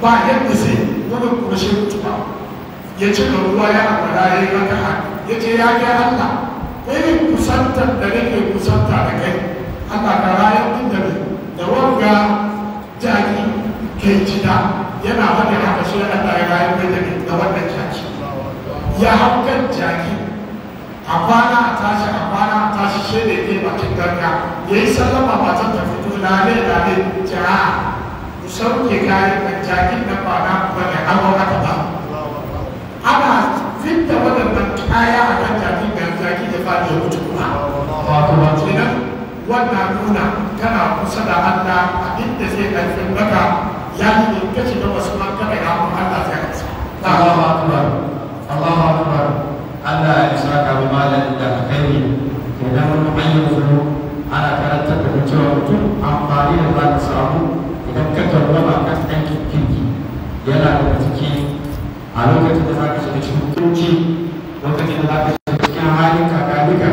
kuma shi mutu ba ya da ruwa yi ya ya kusantar da kusanta da kai da da jaki kai cita yana faɗin haka sai Allah ya rayu mai da wannan jaki ya hau jaki a kwana a tashi a kwana a tashi shi ne ke bakin garka ya yi sallama matan ta fito lale lale jira ku sauke kayan kan jakin da ba na wani hawa haka ba ana fitta waɗannan kaya a kan jakin da jaki da faɗi ya mutu kuma. wannan nuna kana kusa da Allah a inda zai karfi maka ya yi ne kashi da wasu ma kada ya mu Allah zai karfi Allahu akbar Allahu akbar Allah ya isa ka bi malam da kai idan manyan zuru ana karantar da mutuwa mutum amfani da zaka samu idan ka ba ka tsanki kirki yana da ciki a lokacin da za ka shiga cikin kunci lokacin da za ka shiga cikin halin kakalika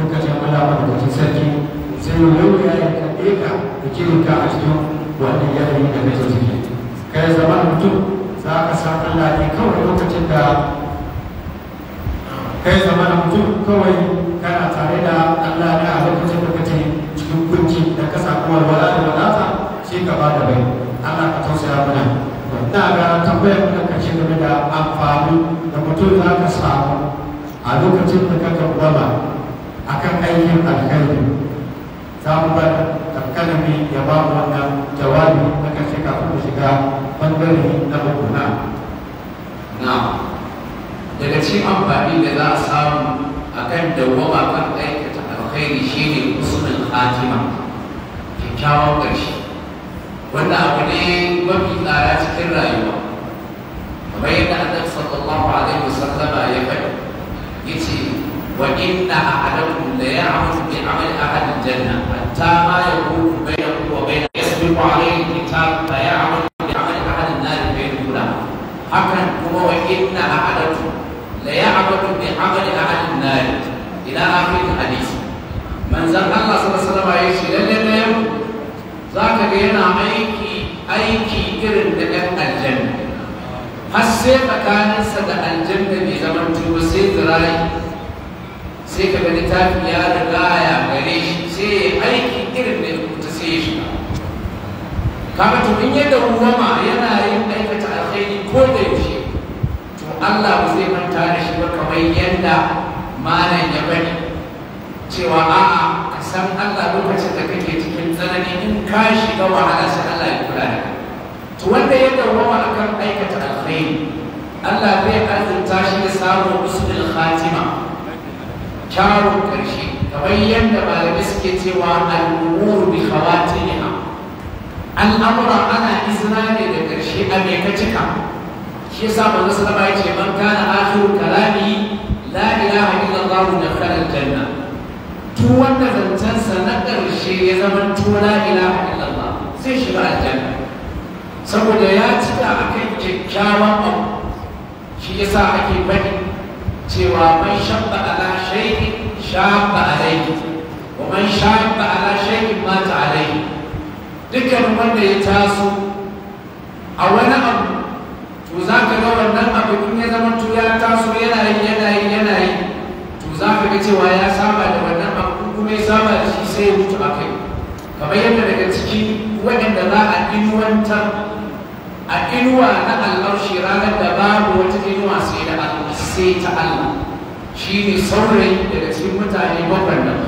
lokacin da madaukakin sarki sai yau ya yi kaɗe ka da kirinka a cikin wannan yanayi da kake jirgin. kai zama mutum za ka sa Allah ne kawai lokacin da kai zama mutum kawai kana tare da Allah ne a lokacin da kake cikin kunci da ka samu walwala da wadata sai ka ba da bai Allah ka tausaya mana ina ga tambayar da kace game da amfani da mutum za ka samu a lokacin da ka gaba akan aikin alkhairi za kankanami bar ya ba mu wannan jawabi na karshe kafin mu shiga bangare na hukuna na daga cikin amfani da za a samu a kan dawwama kan aikata alkhairi shi ne usulul hatima kyakkyawan ƙarshe wanda abu ne mafi tsara cikin rayuwa kamar yadda annabi sallallahu alaihi wasallama ya faɗi yace wa inna a'lamu لا يعمل بعمل أهل الجنة حتى ما يكون بينه وبين يسبق عليه الكتاب لا يعمل بعمل أهل النار فيدخلها حقا هو وإن أحدكم لا يعمل بعمل أهل النار إلى آخر الحديث من زال الله صلى الله عليه وسلم لن يموت ذاك بينا أيكي أيكي إرن لأن الجنة har sai tsakaninsa da aljanna bai zamanto sai zirayi sai ka gani tafi ya riga ya gare shi sai ya aiki irin da ta sai ya shiga kama to in yadda ruwama yana yin aikata alkhairi ko da yaushe to Allah ba zai manta da shi ba kamar yadda malam ya bani cewa a'a ka san Allah lokacin da kake cikin tsanani in ka shiga wahala sai Allah ya kula da to wanda ya dawwama akan aikata alkhairi Allah zai arzuta shi da samun usulul khatima kyawun ƙarshe kamar yadda malamai suke cewa al'umur bi khawatiniha al'amura ana izina ne da ƙarshe a me ka cika shi yasa manzo sallama ya ce man kana akhiru kalami la ilaha illallah dakhala aljanna duk wanda zancensa na ƙarshe ya zama to la ilaha illallah sai shiga aljanna saboda ya cika akan kyakkyawan abu shi yasa ake faɗi cewa man shabba ala shaikin shabba alayhi wa mai shabba ala shaikin mata alayhi dukkan wanda ya taso a wani abu to za ka ga wannan abu in ya zama to ya taso yana yi yana yi yana yi to za ka ga cewa ya saba da wannan abu kuma ya saba da shi sai ya mutu a kai kamar yadda daga ciki waɗanda za a inuwanta a inuwa na Allah shi ranar da babu wata inuwa sai da Allah sai ta Allah shi ne saurayi daga cikin mutane bakwai nan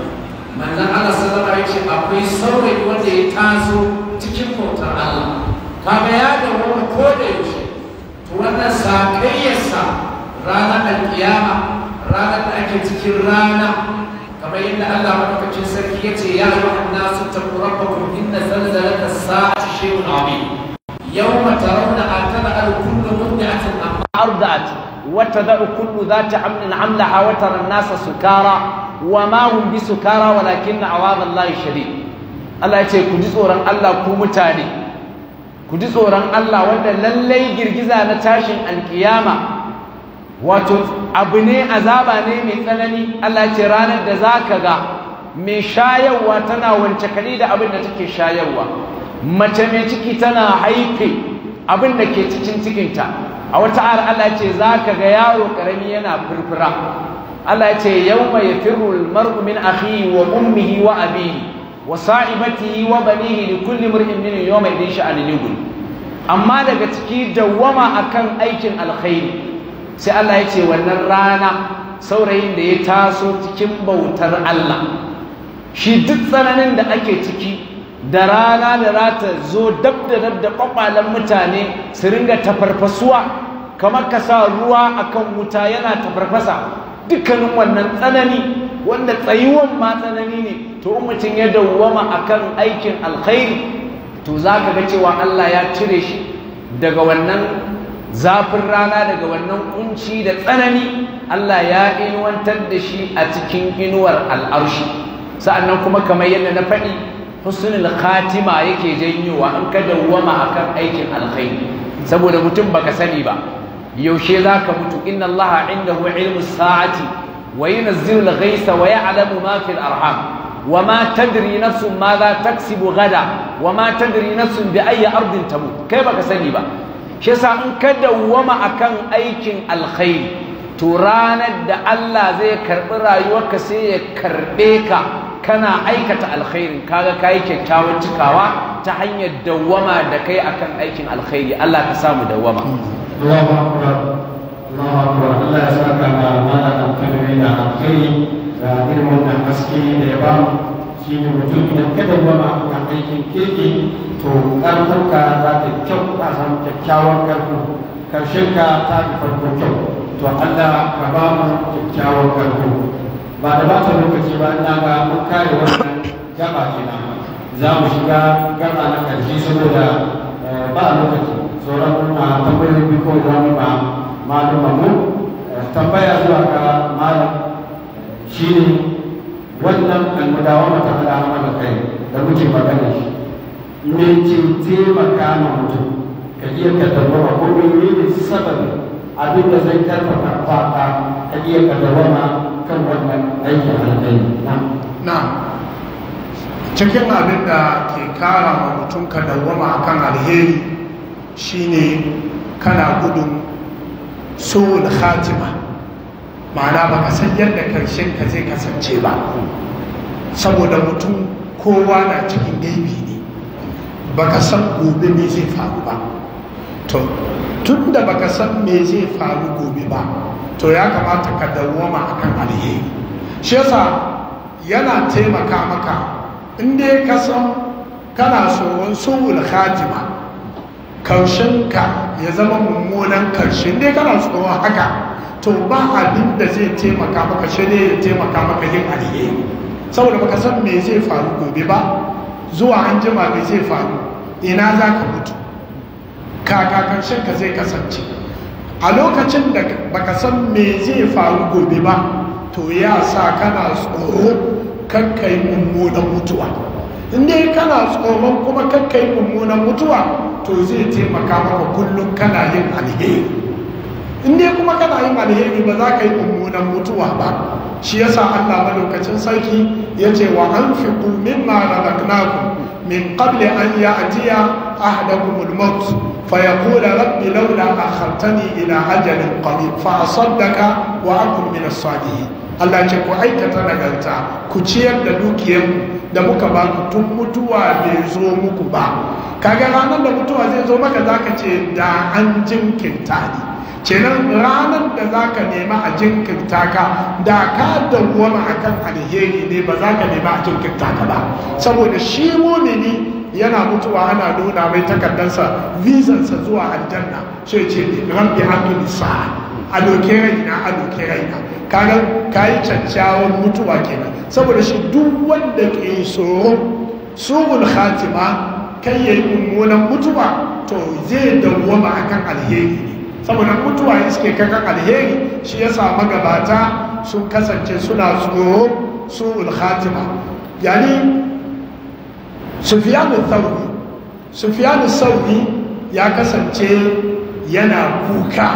manzan Allah sallallahu akwai saurayi wanda ya taso cikin bautar Allah kaga ya dawo ko da yaushe to wannan sakayyarsa ranar alkiyama ranar da ake cikin rana kamar yadda Allah madaukakin sarki ya ce ya yi wa'anna su tafi rabbakum inna zalzalata sa'ati shay'un azim yawma tarawna atana al kullu muddatin amma arda'at وتدع كل ذات عمل su kara, wa ma وما bi su kara wa, lakin na الله يتي layi shari. Allah ku mutane ku ji tsoron Allah wanda lallai girgiza na tashin alkiyama wato abu ne azaba ne mai tsanani Allah ce ranar da zaka ga mai shayarwa tana wance kali da abin da take shayarwa mace mai ciki tana haife abin da ke cikin cikinta a wata ayar Allah ce za ka ga yaro karami yana furfura Allah ce yawma yafirru almar'u min akhihi wa ummihi wa abihi wa sa'ibatihi wa banihi li kulli mar'in min yawma idin sha'anin amma daga ciki dawwama akan aikin alkhairi sai Allah yace ce wannan rana saurayin da ya taso cikin bautar Allah shi duk tsananin da ake ciki da rana da rata zo dab da dab da kwakwalen mutane su ringa tafarfasuwa kamar ka sa ruwa akan wuta yana tafarfasa dukkanin wannan tsanani wanda tsayuwan ma tsanani ne to in mutum ya dawwama akan aikin alkhairi to za ka ga cewa Allah ya cire shi daga wannan zafin rana daga wannan kunci da tsanani Allah ya inuwantar da shi a cikin inuwar al'arshi sa'annan kuma kamar yadda na faɗi husnul khatima yake janyowa an ka dawwama akan aikin alkhairi saboda mutum baka sani ba yaushe zaka mutu inna allaha indahu ilmu sa'ati wa yunzilu al-ghaytha wa ya'lamu ma fil arham wa ma tadri nafsun ma za taksibu gada wa ma tadri nafsun bi ayyi ardin tamut kai baka sani ba shi yasa in ka dawwama akan aikin alkhairi to ranar da Allah zai karbi rayuwarka sai ya karbe ka kana aikata alkhairi, kaga kayi kyakkyawan cikawa ta hanyar dawwama da kai akan aikin alkhairi Allah ka samu dawwama Allahu akbar Allahu akbar Allah ya saka ma malam kalmi da alkhairi da irin da haske da ya bamu shine mutum da ka dawwama akan aikin kirki to ka za ta kyau ka samu kyakkyawan karshen ka ta fi farko kyau to Allah ka ba mu kyakkyawan ƙarfi ba da ba lokaci ba na ga mun kare wannan gaba kenan za mu shiga gaba na ƙarshe saboda eh, ba lokaci sauran na tambayoyi biyu ko za mu ba malum mu eh, tambaya zuwa ga malam shine wannan almudawa mata ala amala kai da muke magana shi me ce taimaka ma mutum ka iya ka dawama ko me ne sababi abin da zai karfafa ka ka iya ka dawama kan wannan aikin na cikin abin da ke kara wa mutum ka a kan alheri shine kana gudun tsohon mana ma'ana ka san yadda karshen ka zai kasance ba saboda mutum kowa na cikin daibi ne ba ka san gobe ne zai faru ba to tun da baka san me zai faru gobe ba to ya kamata ka dawoma akan alheri shi yasa yana taimaka maka in dai ka san kana tsoron su'ul khatima ka ya zama mummunan karshe dai kana tsoron haka to ba abin da zai taimaka maka shi ne ya taimaka maka yin alheri saboda baka san me zai faru gobe ba zuwa an jima me zai faru ina za ka mutu kaka karshen ka zai kasance a lokacin da baka san me zai faru gobe ba to ya sa kana tsoro kakka mummunan mutuwa inda kana tsoron kuma kakka mummunan mutuwa to zai taimaka maka kullum kana yin alheri inda kuma kana yin alheri ba za ka yi mummunan mutuwa ba shi yasa Allah lokacin sarki ya ce wa an fi kumin ma razaqnakum min qabli an ya'tiya ahadakumul maut فيقول رب لولا أخرتني إلى أجل قريب فأصدق وأكن من الصالحين Allah ce ku aikata nagarta ku ciyar da dukiyar da muka ba ku tun mutuwa bai zo muku ba kaga ranar da mutuwa zai zo maka zaka ce da an jinkirta ne kenan ranar da zaka nema a jinkirta ka da ka a akan alheri ne ba za ka nema a jinkirta ka ba saboda shi mumini yana mutuwa ana nuna mai takardarsa vizansa zuwa aljanna sai ce rabbi hannu sa'a a doke raina a doke raina kaga kayi cancawar mutuwa kenan saboda shi duk wanda ke tsoro sugun khatima kai yayi mummunan mutuwa to zai dawwama akan alheri ne saboda mutuwa suke kakan alheri shi yasa magabata sun kasance suna tsoro su'ul khatima yani sufiyanu sauri sufiyanu ya kasance yana kuka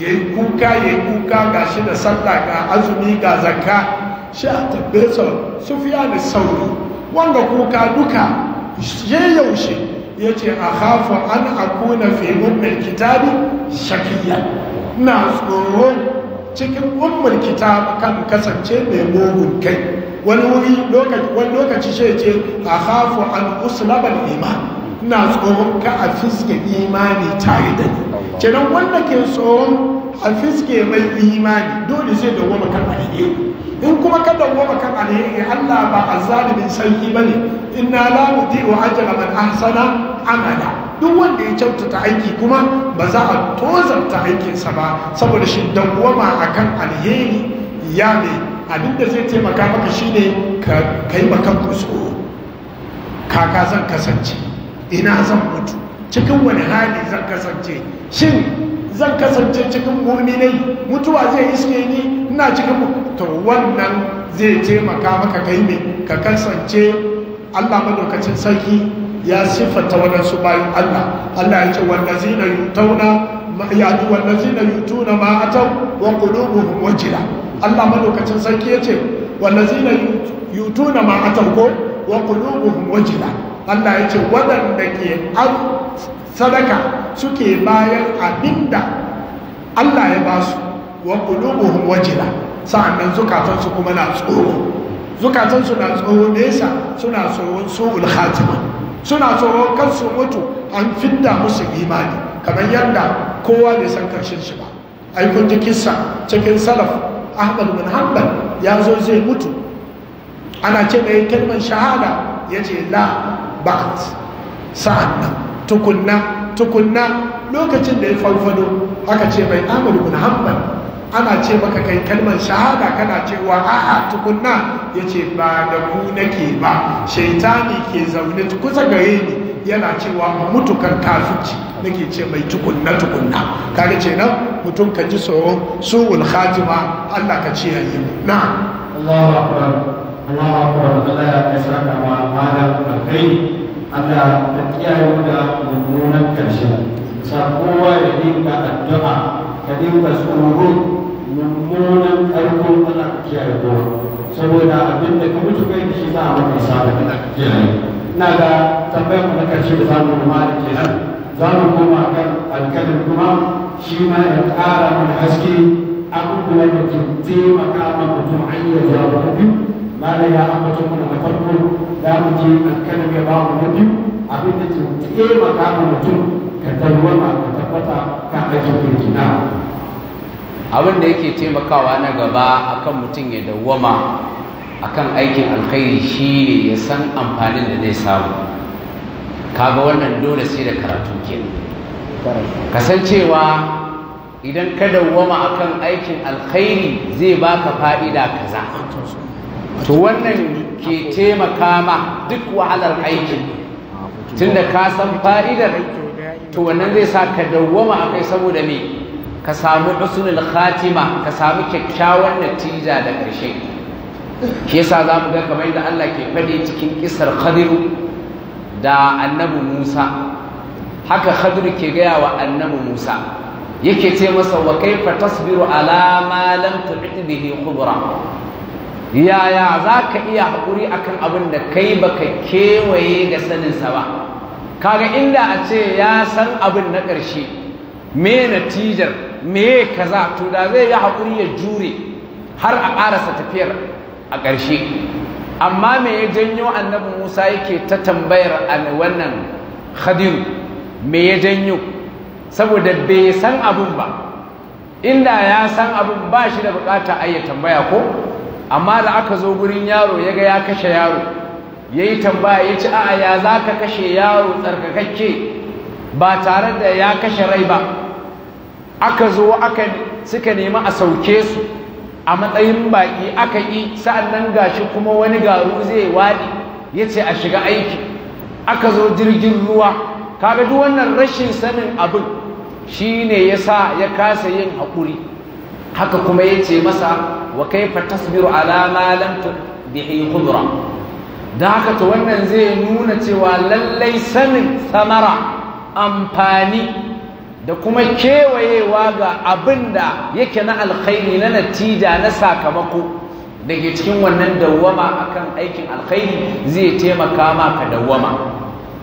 ya yi kuka ya yi kuka ga shi da sallah ga azumi ga zakka shi a tabbesa sufiyanu thauri wanda kuka duka ya yaushe ya ce a hafa an akuna fi mai kitabi shakiyya na tsoron cikin ummul kitab kan kasance mai mugun kai wani lokaci wani lokaci shi ce a hafu an uslaban iman na tsoron ka a fiske imani tare da ni nan wanda ke tsoron a fiske mai imani dole zai da goma kan alheri in kuma kan da goma kan alheri Allah ba a zalibin sarki ba ne bane inna la ajiyar ajra man sana amana duk wanda ya ta aiki kuma ba za a tozarta aikinsa ba saboda shi a akan alheri ya mai abin da zai taimaka maka shi ne ka yi makan kusko kaka zan kasance ina zan mutu cikin wani hali zan kasance shin zan kasance cikin muminai mutuwa zai iske ni ina cikin to wannan zai taimaka maka kai ne ka kasance allah madaukacin sarki ya siffanta waɗansu bayan allah allah ya ce yi tauna ma'ayyadu yadu zina yi tuna ma'atan wa qulubuhum wajila Allah madaukacin sarki yace wallazina yutuna ma atako wa qulubuhum wajila Allah yace wadanda ke an sadaka suke bayan abinda Allah ya basu wa qulubuhum wajila sa'annan zukatan su kuma na tsoro zukatan su na tsoro nesa suna tsoron su'ul khatima suna tsoron kan su mutu an fidda musu imani kamar yadda kowa bai san karshen shi ba ai kun ji kissa cikin salaf ahmad bin hanbal ya zo zai mutu ana ce mai kalmar shahada ya ce la ba'at sa'annan tukunna tukunna lokacin da ya farfado haka ce mai ahmad bin hanbal ana ce maka kai kalmar shahada kana cewa a'a tukunna ya ce ba da ku nake ba shaitani ke zaune kusa gare ni yana cewa mutu kan kafici nake ce mai tukunna tukunna kaga ce nan mutum ka ji tsoron su'ul khatima Allah ka ce yayi na Allahu akbar Allahu akbar Allah ya tsaka ma malam kai Allah ta kiyaye mu da mummunan karshe sa kowa ya dinga addu'a ka dinga tsoro mummunan farko ana kiyaye kowa saboda abin da ka mutu kai da shi za a maka sabu ina ga tambayar mu na karshe da zamu kuma da kenan za mu koma kan alkalin kuma shi ma ya ƙara mana haske abubuwa da ke taimaka ma mutum an yi jawabu na biyu malam ya ambata mana na farko za mu je alkalin ya ba mu na abin da ke taimaka ma mutum ka tarwama ka tabbata ka ajiye kirkina abin da yake taimakawa na gaba akan mutum ya dawwama akan aikin alkhairi shi ne ya san amfanin da zai samu kaga wannan dole sai da karatu ke kasancewa idan ka dawwama akan aikin alkhairi zai baka fa'ida kaza to wannan ke taimaka ma duk wahalar aikin tunda ka san fa'idar to wannan zai sa ka dawwama akai saboda me ka samu husnul khatima ka samu kyakkyawan natija da ƙarshe shi yasa za mu ga kamar yadda Allah ke faɗi cikin kisar khadiru da annabi Musa haka khadiru ke gaya wa annabi Musa yake ce masa wa kaifa tasbiru ala ma lam tu'ti bihi khubra yaya za ka iya haƙuri akan abin da kai baka kewaye da saninsa ba kaga inda a ce ya san abin na ƙarshe me natijar me kaza to da zai yi haƙuri ya jure har a ƙarasa tafiyar a ƙarshe amma me ya janyo annabi musa yake ta tambayar wannan khadiru me ya janyo saboda bai san abin ba inda ya san abin ba shi da bukata a ya tambaya ko amma da aka zo gurin yaro ya ga ya kashe yaro ya yi tambaya ya ci a'a ya za ka kashe yaro tsarkakakke ba tare da ya kashe rai ba aka zo aka suka nemi a sauke su a matsayin baƙi aka yi sa'annan gashi kuma wani garu zai waɗi ya ce a shiga aiki aka zo jirgin ruwa kaga duk wannan rashin sanin abin shi ne ya sa ya kasa yin haƙuri haka kuma ya ce masa wa kaifa tasbiru ala ma lam bihi khudra da haka to wannan zai nuna cewa lallai sanin samara amfani da kuma kewayewa ga abin da yake na alkhairi na natija na sakamako da ke cikin wannan dawwama akan aikin alkhairi zai taimaka maka dawwama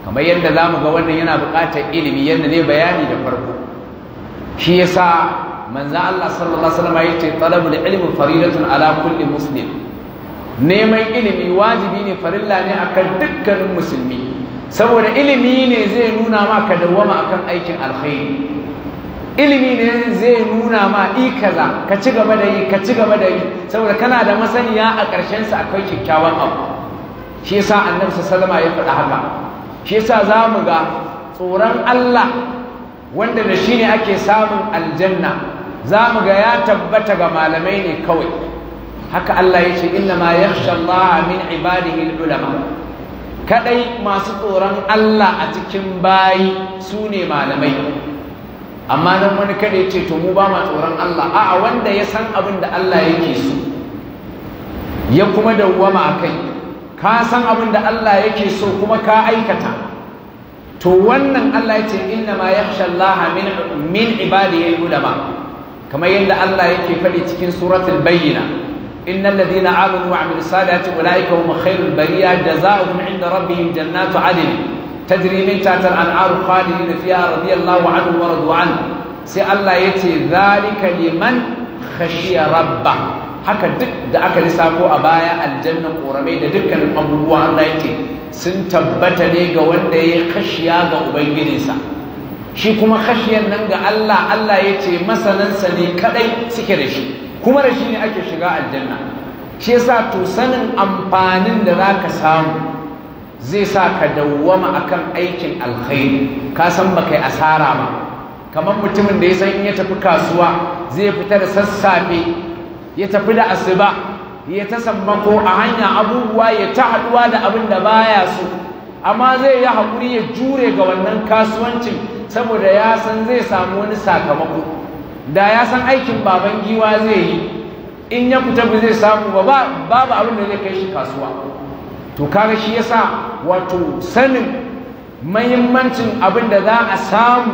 kamar yadda za mu ga wannan yana buƙatar ilimi yadda ne bayani da farko shi yasa manzo Allah sallallahu alaihi wasallam yace talabul ilmi faridatun ala kulli muslim neman ilimi wajibi ne farilla ne akan dukkanin musulmi saboda ilimi ne zai nuna maka dawwama akan aikin alkhairi ilimi ne zai nuna ma i kaza ka ci gaba da yi ka ci gaba da yi saboda kana da masaniya a ƙarshen sa akwai kyakkyawan abu shi yasa annabi sallama ya faɗa haka shi yasa za mu ga tsoron Allah wanda da shi ne ake samun aljanna za mu ga ya tabbata ga malamai ne kawai haka Allah ya ce inna ma yakhsha Allah min ibadihi ulama kadai masu tsoron Allah a cikin bayi sune malamai amma nan wani kada ya ce to mu ba ma tsoron Allah a'a wanda ya san abin da Allah yake so ya kuma dawwama a kai ka san abin da Allah yake so kuma ka aikata to wannan Allah ya ce inna ma yakhsha Allah min min ibadihi ulama kamar yadda Allah yake faɗi cikin suratul bayyina إن الذين آمنوا وعملوا الصالحات أولئك هم خير البرية جزاؤهم عند ربهم jannatu عدن tajri min tatar an'aru khalidina fiha radiyallahu anhu wa radu an sai Allah yace zalika liman khashiya rabba haka duk da aka lissafo a baya aljanna koramai da dukkanin abubuwa Allah sun tabbata ne ga wanda ya khashiya ga ubangininsa. shi kuma khashiyan nan ga Allah Allah yace masanansa ne kadai suke da shi kuma da shi ne ake shiga aljanna shi yasa to sanin amfanin da zaka samu zai sa ka dawwama akan aikin alkhairi ka san ba kai asara ba kamar mutumin da ya san in ya tafi kasuwa zai fita da sassafe ya tafi da asuba ya ta sammako a hanya abubuwa ya ta haɗuwa da abin da baya so amma zai yi haƙuri ya jure ga wannan kasuwancin saboda ya san zai samu wani sakamako da ya san aikin baban giwa zai yi in ya fita ba zai samu ba babu abin da zai kai shi kasuwa to kaga shi yasa wato sanin mahimmancin abin da za a samu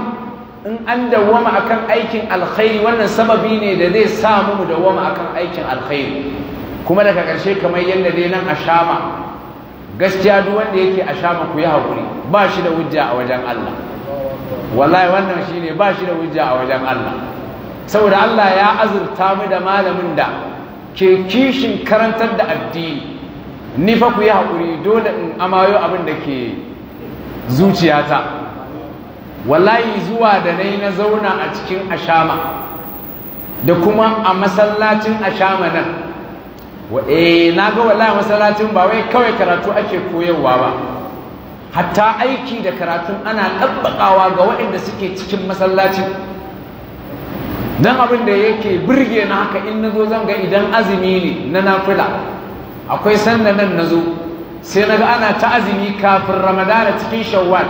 in an dawwama akan aikin alkhairi wannan sababi ne da zai samu mu dawwama akan aikin alkhairi kuma daga ƙarshe kamar yadda dai nan a shama gaskiya duk wanda yake a shama ku yi haƙuri ba shi da hujja a wajen Allah wallahi wannan shine ba shi da hujja a wajen Allah saboda Allah ya azurta mu da malamin da ke kishin karantar da addini ni fa ku yi haƙuri dole in amayo abin da ke zuciyata wallahi zuwa da na yi na zauna a cikin ashama da kuma a masallacin ashama nan eh na ga wallahi masallacin ba wai kawai karatu ake koyarwa ba hatta aiki da karatun ana ɗabbaƙawa ga waɗanda suke cikin masallacin don abin da yake birge na haka in na zo zanga idan azumi ne na nafila akwai sanda nan na zo sai na ga ana ta azumi kafin ramadana cikin shawwal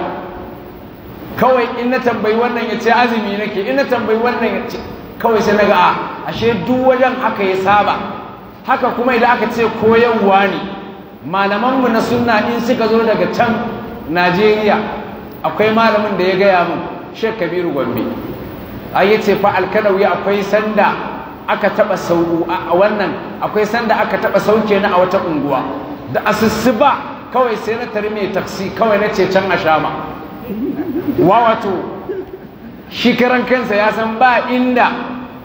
kawai in na tambayi wannan ya ce azumi nake in na tambayi wannan ya ce kawai sai na ga a ashe duk wajen haka ya saba haka kuma idan aka ce koyarwa ne malamanmu na sunna in suka zo daga can najeriya akwai malamin da ya gaya min shek kabiru gombe a ya ce fa alkanawi akwai sanda aka taɓa sauku a wannan akwai sanda aka taɓa sauke na a wata unguwa da asusuba kawai sai na tari mai taksi kawai na ce can a shama wato shi karan kansa ya san ba inda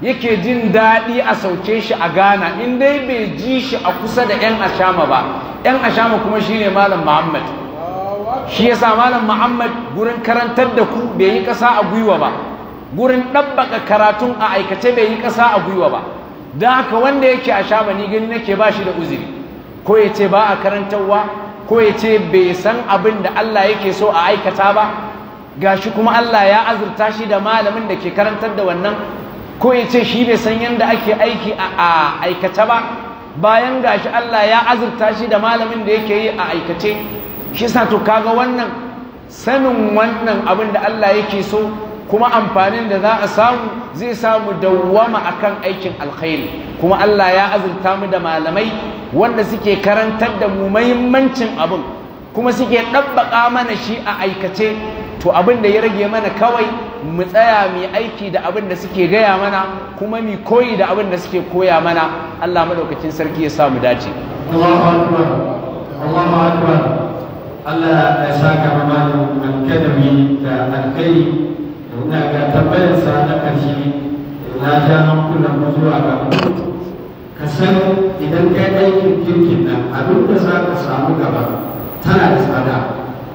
yake jin daɗi a sauke shi a ghana in dai bai ji shi a kusa da 'yan ashama ba 'yan ashama kuma shine malam muhammad shi ya sa malam muhammad gurin karantar da ku bai yi ƙasa a gwiwa ba gurin ɗabbaka karatun a aikace bai yi ƙasa a gwiwa ba da haka wanda yake a sha bani gani nake ba shi da uzuri ko ya ce ba a karantarwa ko ya ce bai san abin da Allah yake so a aikata ba gashi kuma Allah ya azurta shi da malamin da ke karantar da wannan ko ya ce shi bai san yadda ake aiki a aikata ba bayan gashi Allah ya azurta shi da malamin da yake yi a aikace shi sa to kaga wannan sanin wannan abin da Allah yake so kuma amfanin da za a samu zai samu dawwama akan aikin alkhairi kuma Allah ya azurta mu da malamai wanda suke karantar da mu muhimmancin abin kuma suke ɗabbaƙa mana shi a aikace to abin da ya rage mana kawai mu tsaya mu aiki da abin da suke gaya mana kuma mu koyi da abin da suke koya mana Allah madaukakin sarki ya sa mu dace Allahu akbar Allahu akbar Allah ya saka mana alkadami da alkhairi Ina ga sa na ƙarshe na ja hankulan mu zuwa ga ka san idan kai aikin kirkin nan abin da za ka samu gaba tana da tsada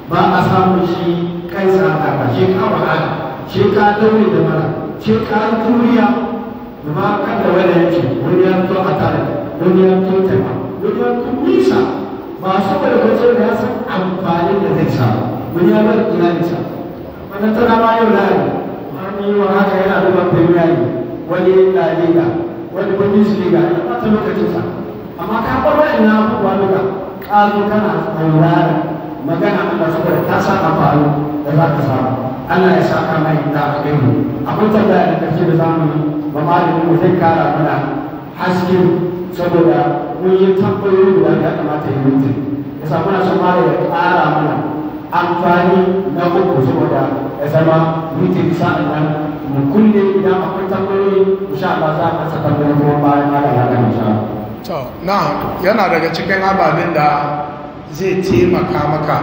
ba a samu shi kai tsada ba shi ka wahala shi ka daure da mara shi ka juriya ba ka da wani yake wani ya to a tare wani ya to tema wani ya to nisa masu barbace da ya san amfani da zai samu wani ya bar iyalinsa wani tana ma yau lahani in haka yana duban premier ne wani la liga wani bundesliga ya ɓata lokacinsa amma ka bar wa'annan abubuwa duka ka kana sauraron magana Allah saboda ta sa amfani da za ka samu Allah ya saka mai da alheri abin tambaya da karshe da zamu yi ba malamin mu zai kara mana haske saboda mun yi tambayoyi da ya kamata ya mutu ya samu na son malamin ya kara mana amfani na uku saboda ya zama mutum sa'an nan mu kulle idan akwai tambayoyi insha Allah za a saka tambayoyi ruwan bayan ya da haka insha to na yana daga cikin ababen da zai taimaka maka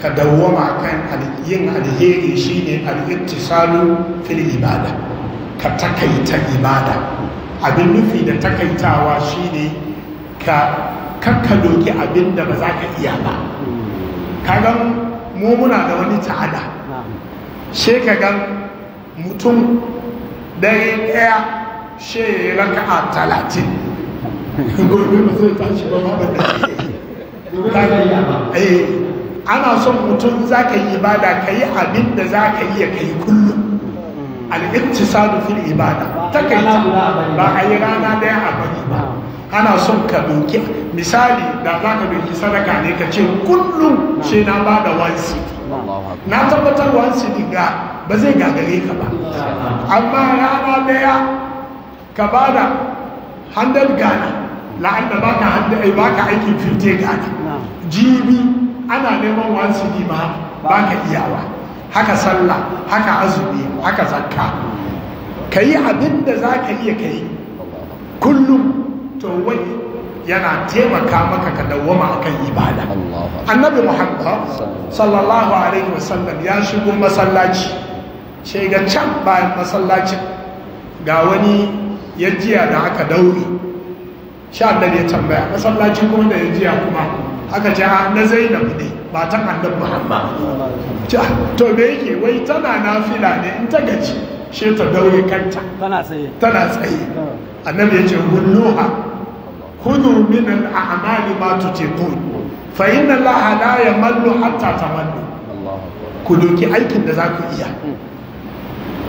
ka dawwama kan yin alheri shine al-ittisalu fil ibada ka takaita ibada abin nufi da takaitawa shine ka kakka doki abin da ba za ka iya ba kagan mu muna da wani ta'ada she kagan mutum dare daya she raka a talatin eh, ana son mutum za ka yi ibada ka yi abin da za ka yi ya kai kullum mm. al'ibtisadu fil ibada ta kai ba a yi rana daya a bari ba ana son ka doki misali da za ka doki sadaka ne ka ce kullum ce na ba da one city na tabbatar one city ga ba zai gagare ka ba amma rana daya ka ba da 100 gana la'adda ba ka eh, ba ka aikin 50 gana jibi ana neman one city ma ba ka iyawa haka sallah haka azumi haka zakka ka yi abin da za ka iya ka yi kullum to wai yana taimaka maka ka dawwama akan ibada annabi muhammad sallallahu alaihi wasallam ya shigo masallaci sai ga can bayan masallacin ga wani ya jiya da aka dauri sha annabi ya tambaya masallaci kuma da ya jiya kuma aka ce ah, na zainab ne ba ta annabi muhammad to me yake wai tana nafila ne in ta gaji she ta dauri kanta tana tsaye annabi ya ce hulluha Kudu min al-a'mali ma tutiqun fa inna allaha ya mallu hatta mallu ku doki aikin da za ku iya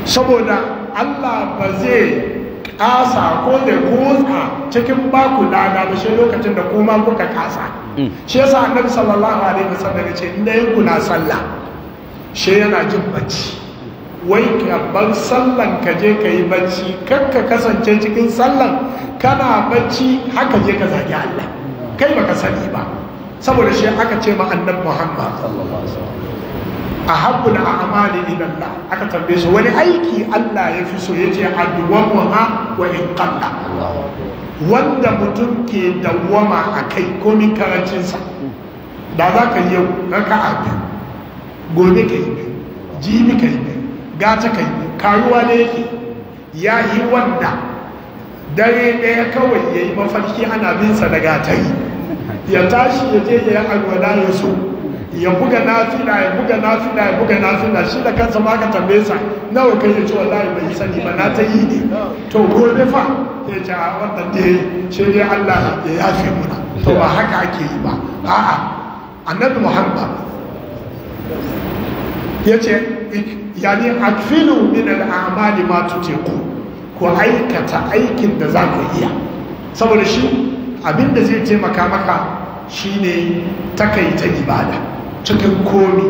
saboda Allah ba zai kasa ko da kosa cikin baku dada da shi lokacin da kuma kuka kasa shi yasa annabi sallallahu alaihi wasallam ya ce inda yanku na sallah shi yana jin bacci wai ka bar sallan ka je ka yi bacci kar ka kasance cikin sallan kana bacci haka je ka zagi Allah kai baka sani ba saboda shi aka ce ma annabi Muhammad ahabbul a'mali idan Allah aka tambaye su wani aiki Allah ya fi so yace adwamuha wa in qalla wanda mutum ke dawwama akai komin karancin sa da za ka yi raka'a gobe ka yi biyu jibi ka yi gata kai karuwa ne yake ya yi wanda dare ya kawai ya yi mafarki ana binsa da gatari ya tashi ya je ya yi alwala ya so ya buga nafila ya buga nafila ya buga nafila shi da kansa ma ka tambaye sa nawa kai ya ce wallahi bai sani ba na ta yi ne to gobe fa ya ce a wannan shi ne Allah ya yafe muna to ba haka ake yi ba a'a annabi Muhammad ya ce yani akfilu min al'amali ma tuteku ku aikata aikin da za ku iya saboda shi abin da zai taimaka maka shine takaita ibada cikin komi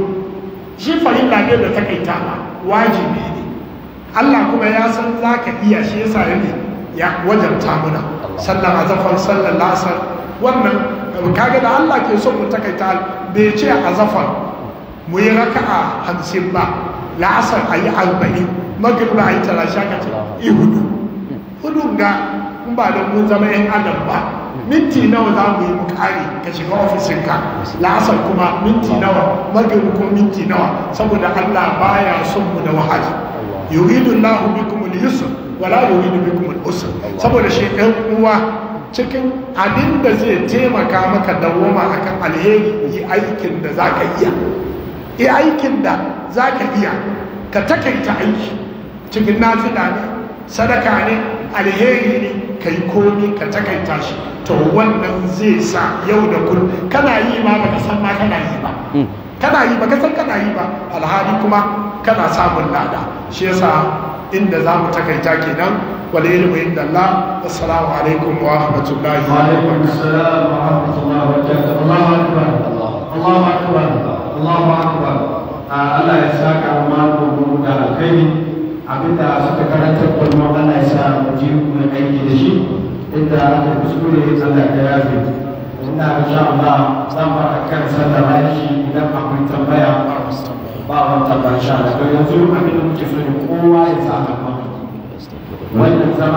shi fahimta ne da takaita wajibi ne Allah kuma ya san za ka iya shi yasa ya ne ya wajen tamuna. sallan azafar sallan lasar wannan kaga da Allah ke so mu takaita bai ce azafar? mu yi raka'a hamsin ba la'asar a yi arba'in magriba a yi tarasha ka ce yi hudu hudu ga in ba da mun zama yan adam ba minti nawa za mu yi mu kare ka shiga ofishinka la'asar kuma minti nawa magriba kuma minti nawa saboda allah baya son mu da wahali. yuridu allah bikum al yusuf wala yuridu bi al-usr saboda shi ɗan uwa cikin abin da zai taimaka maka dawoma akan alheri yi aikin da za ka iya yi aikin da za ka iya ka takaita aiki cikin nafila ne sadaka ne alheri ne ka yi komi ka takaita shi to wannan zai sa yau da kullum kana yi ma ba ka san ma kana yi ba hmm. kana yi ba ka san kana yi ba alhali kuma kana samun lada shi yasa inda za mu takaita kenan wal ilmu inda Allah assalamu alaikum wa rahmatullahi wa alaikum assalam wa rahmatullahi wa barakatuh Allahu akbar Allahu akbar Allahu akbar Allah ya saka mu da alkhairi abinda suka karanta kuma Allah ya sa mu ji mu aiki da shi inda aka kuskure Allah ya yafe inda insha Allah zan fara kan sallar shi idan akwai tambaya ba wani tambaya insha Allah yanzu da muke so ne kowa ya sa wannan zama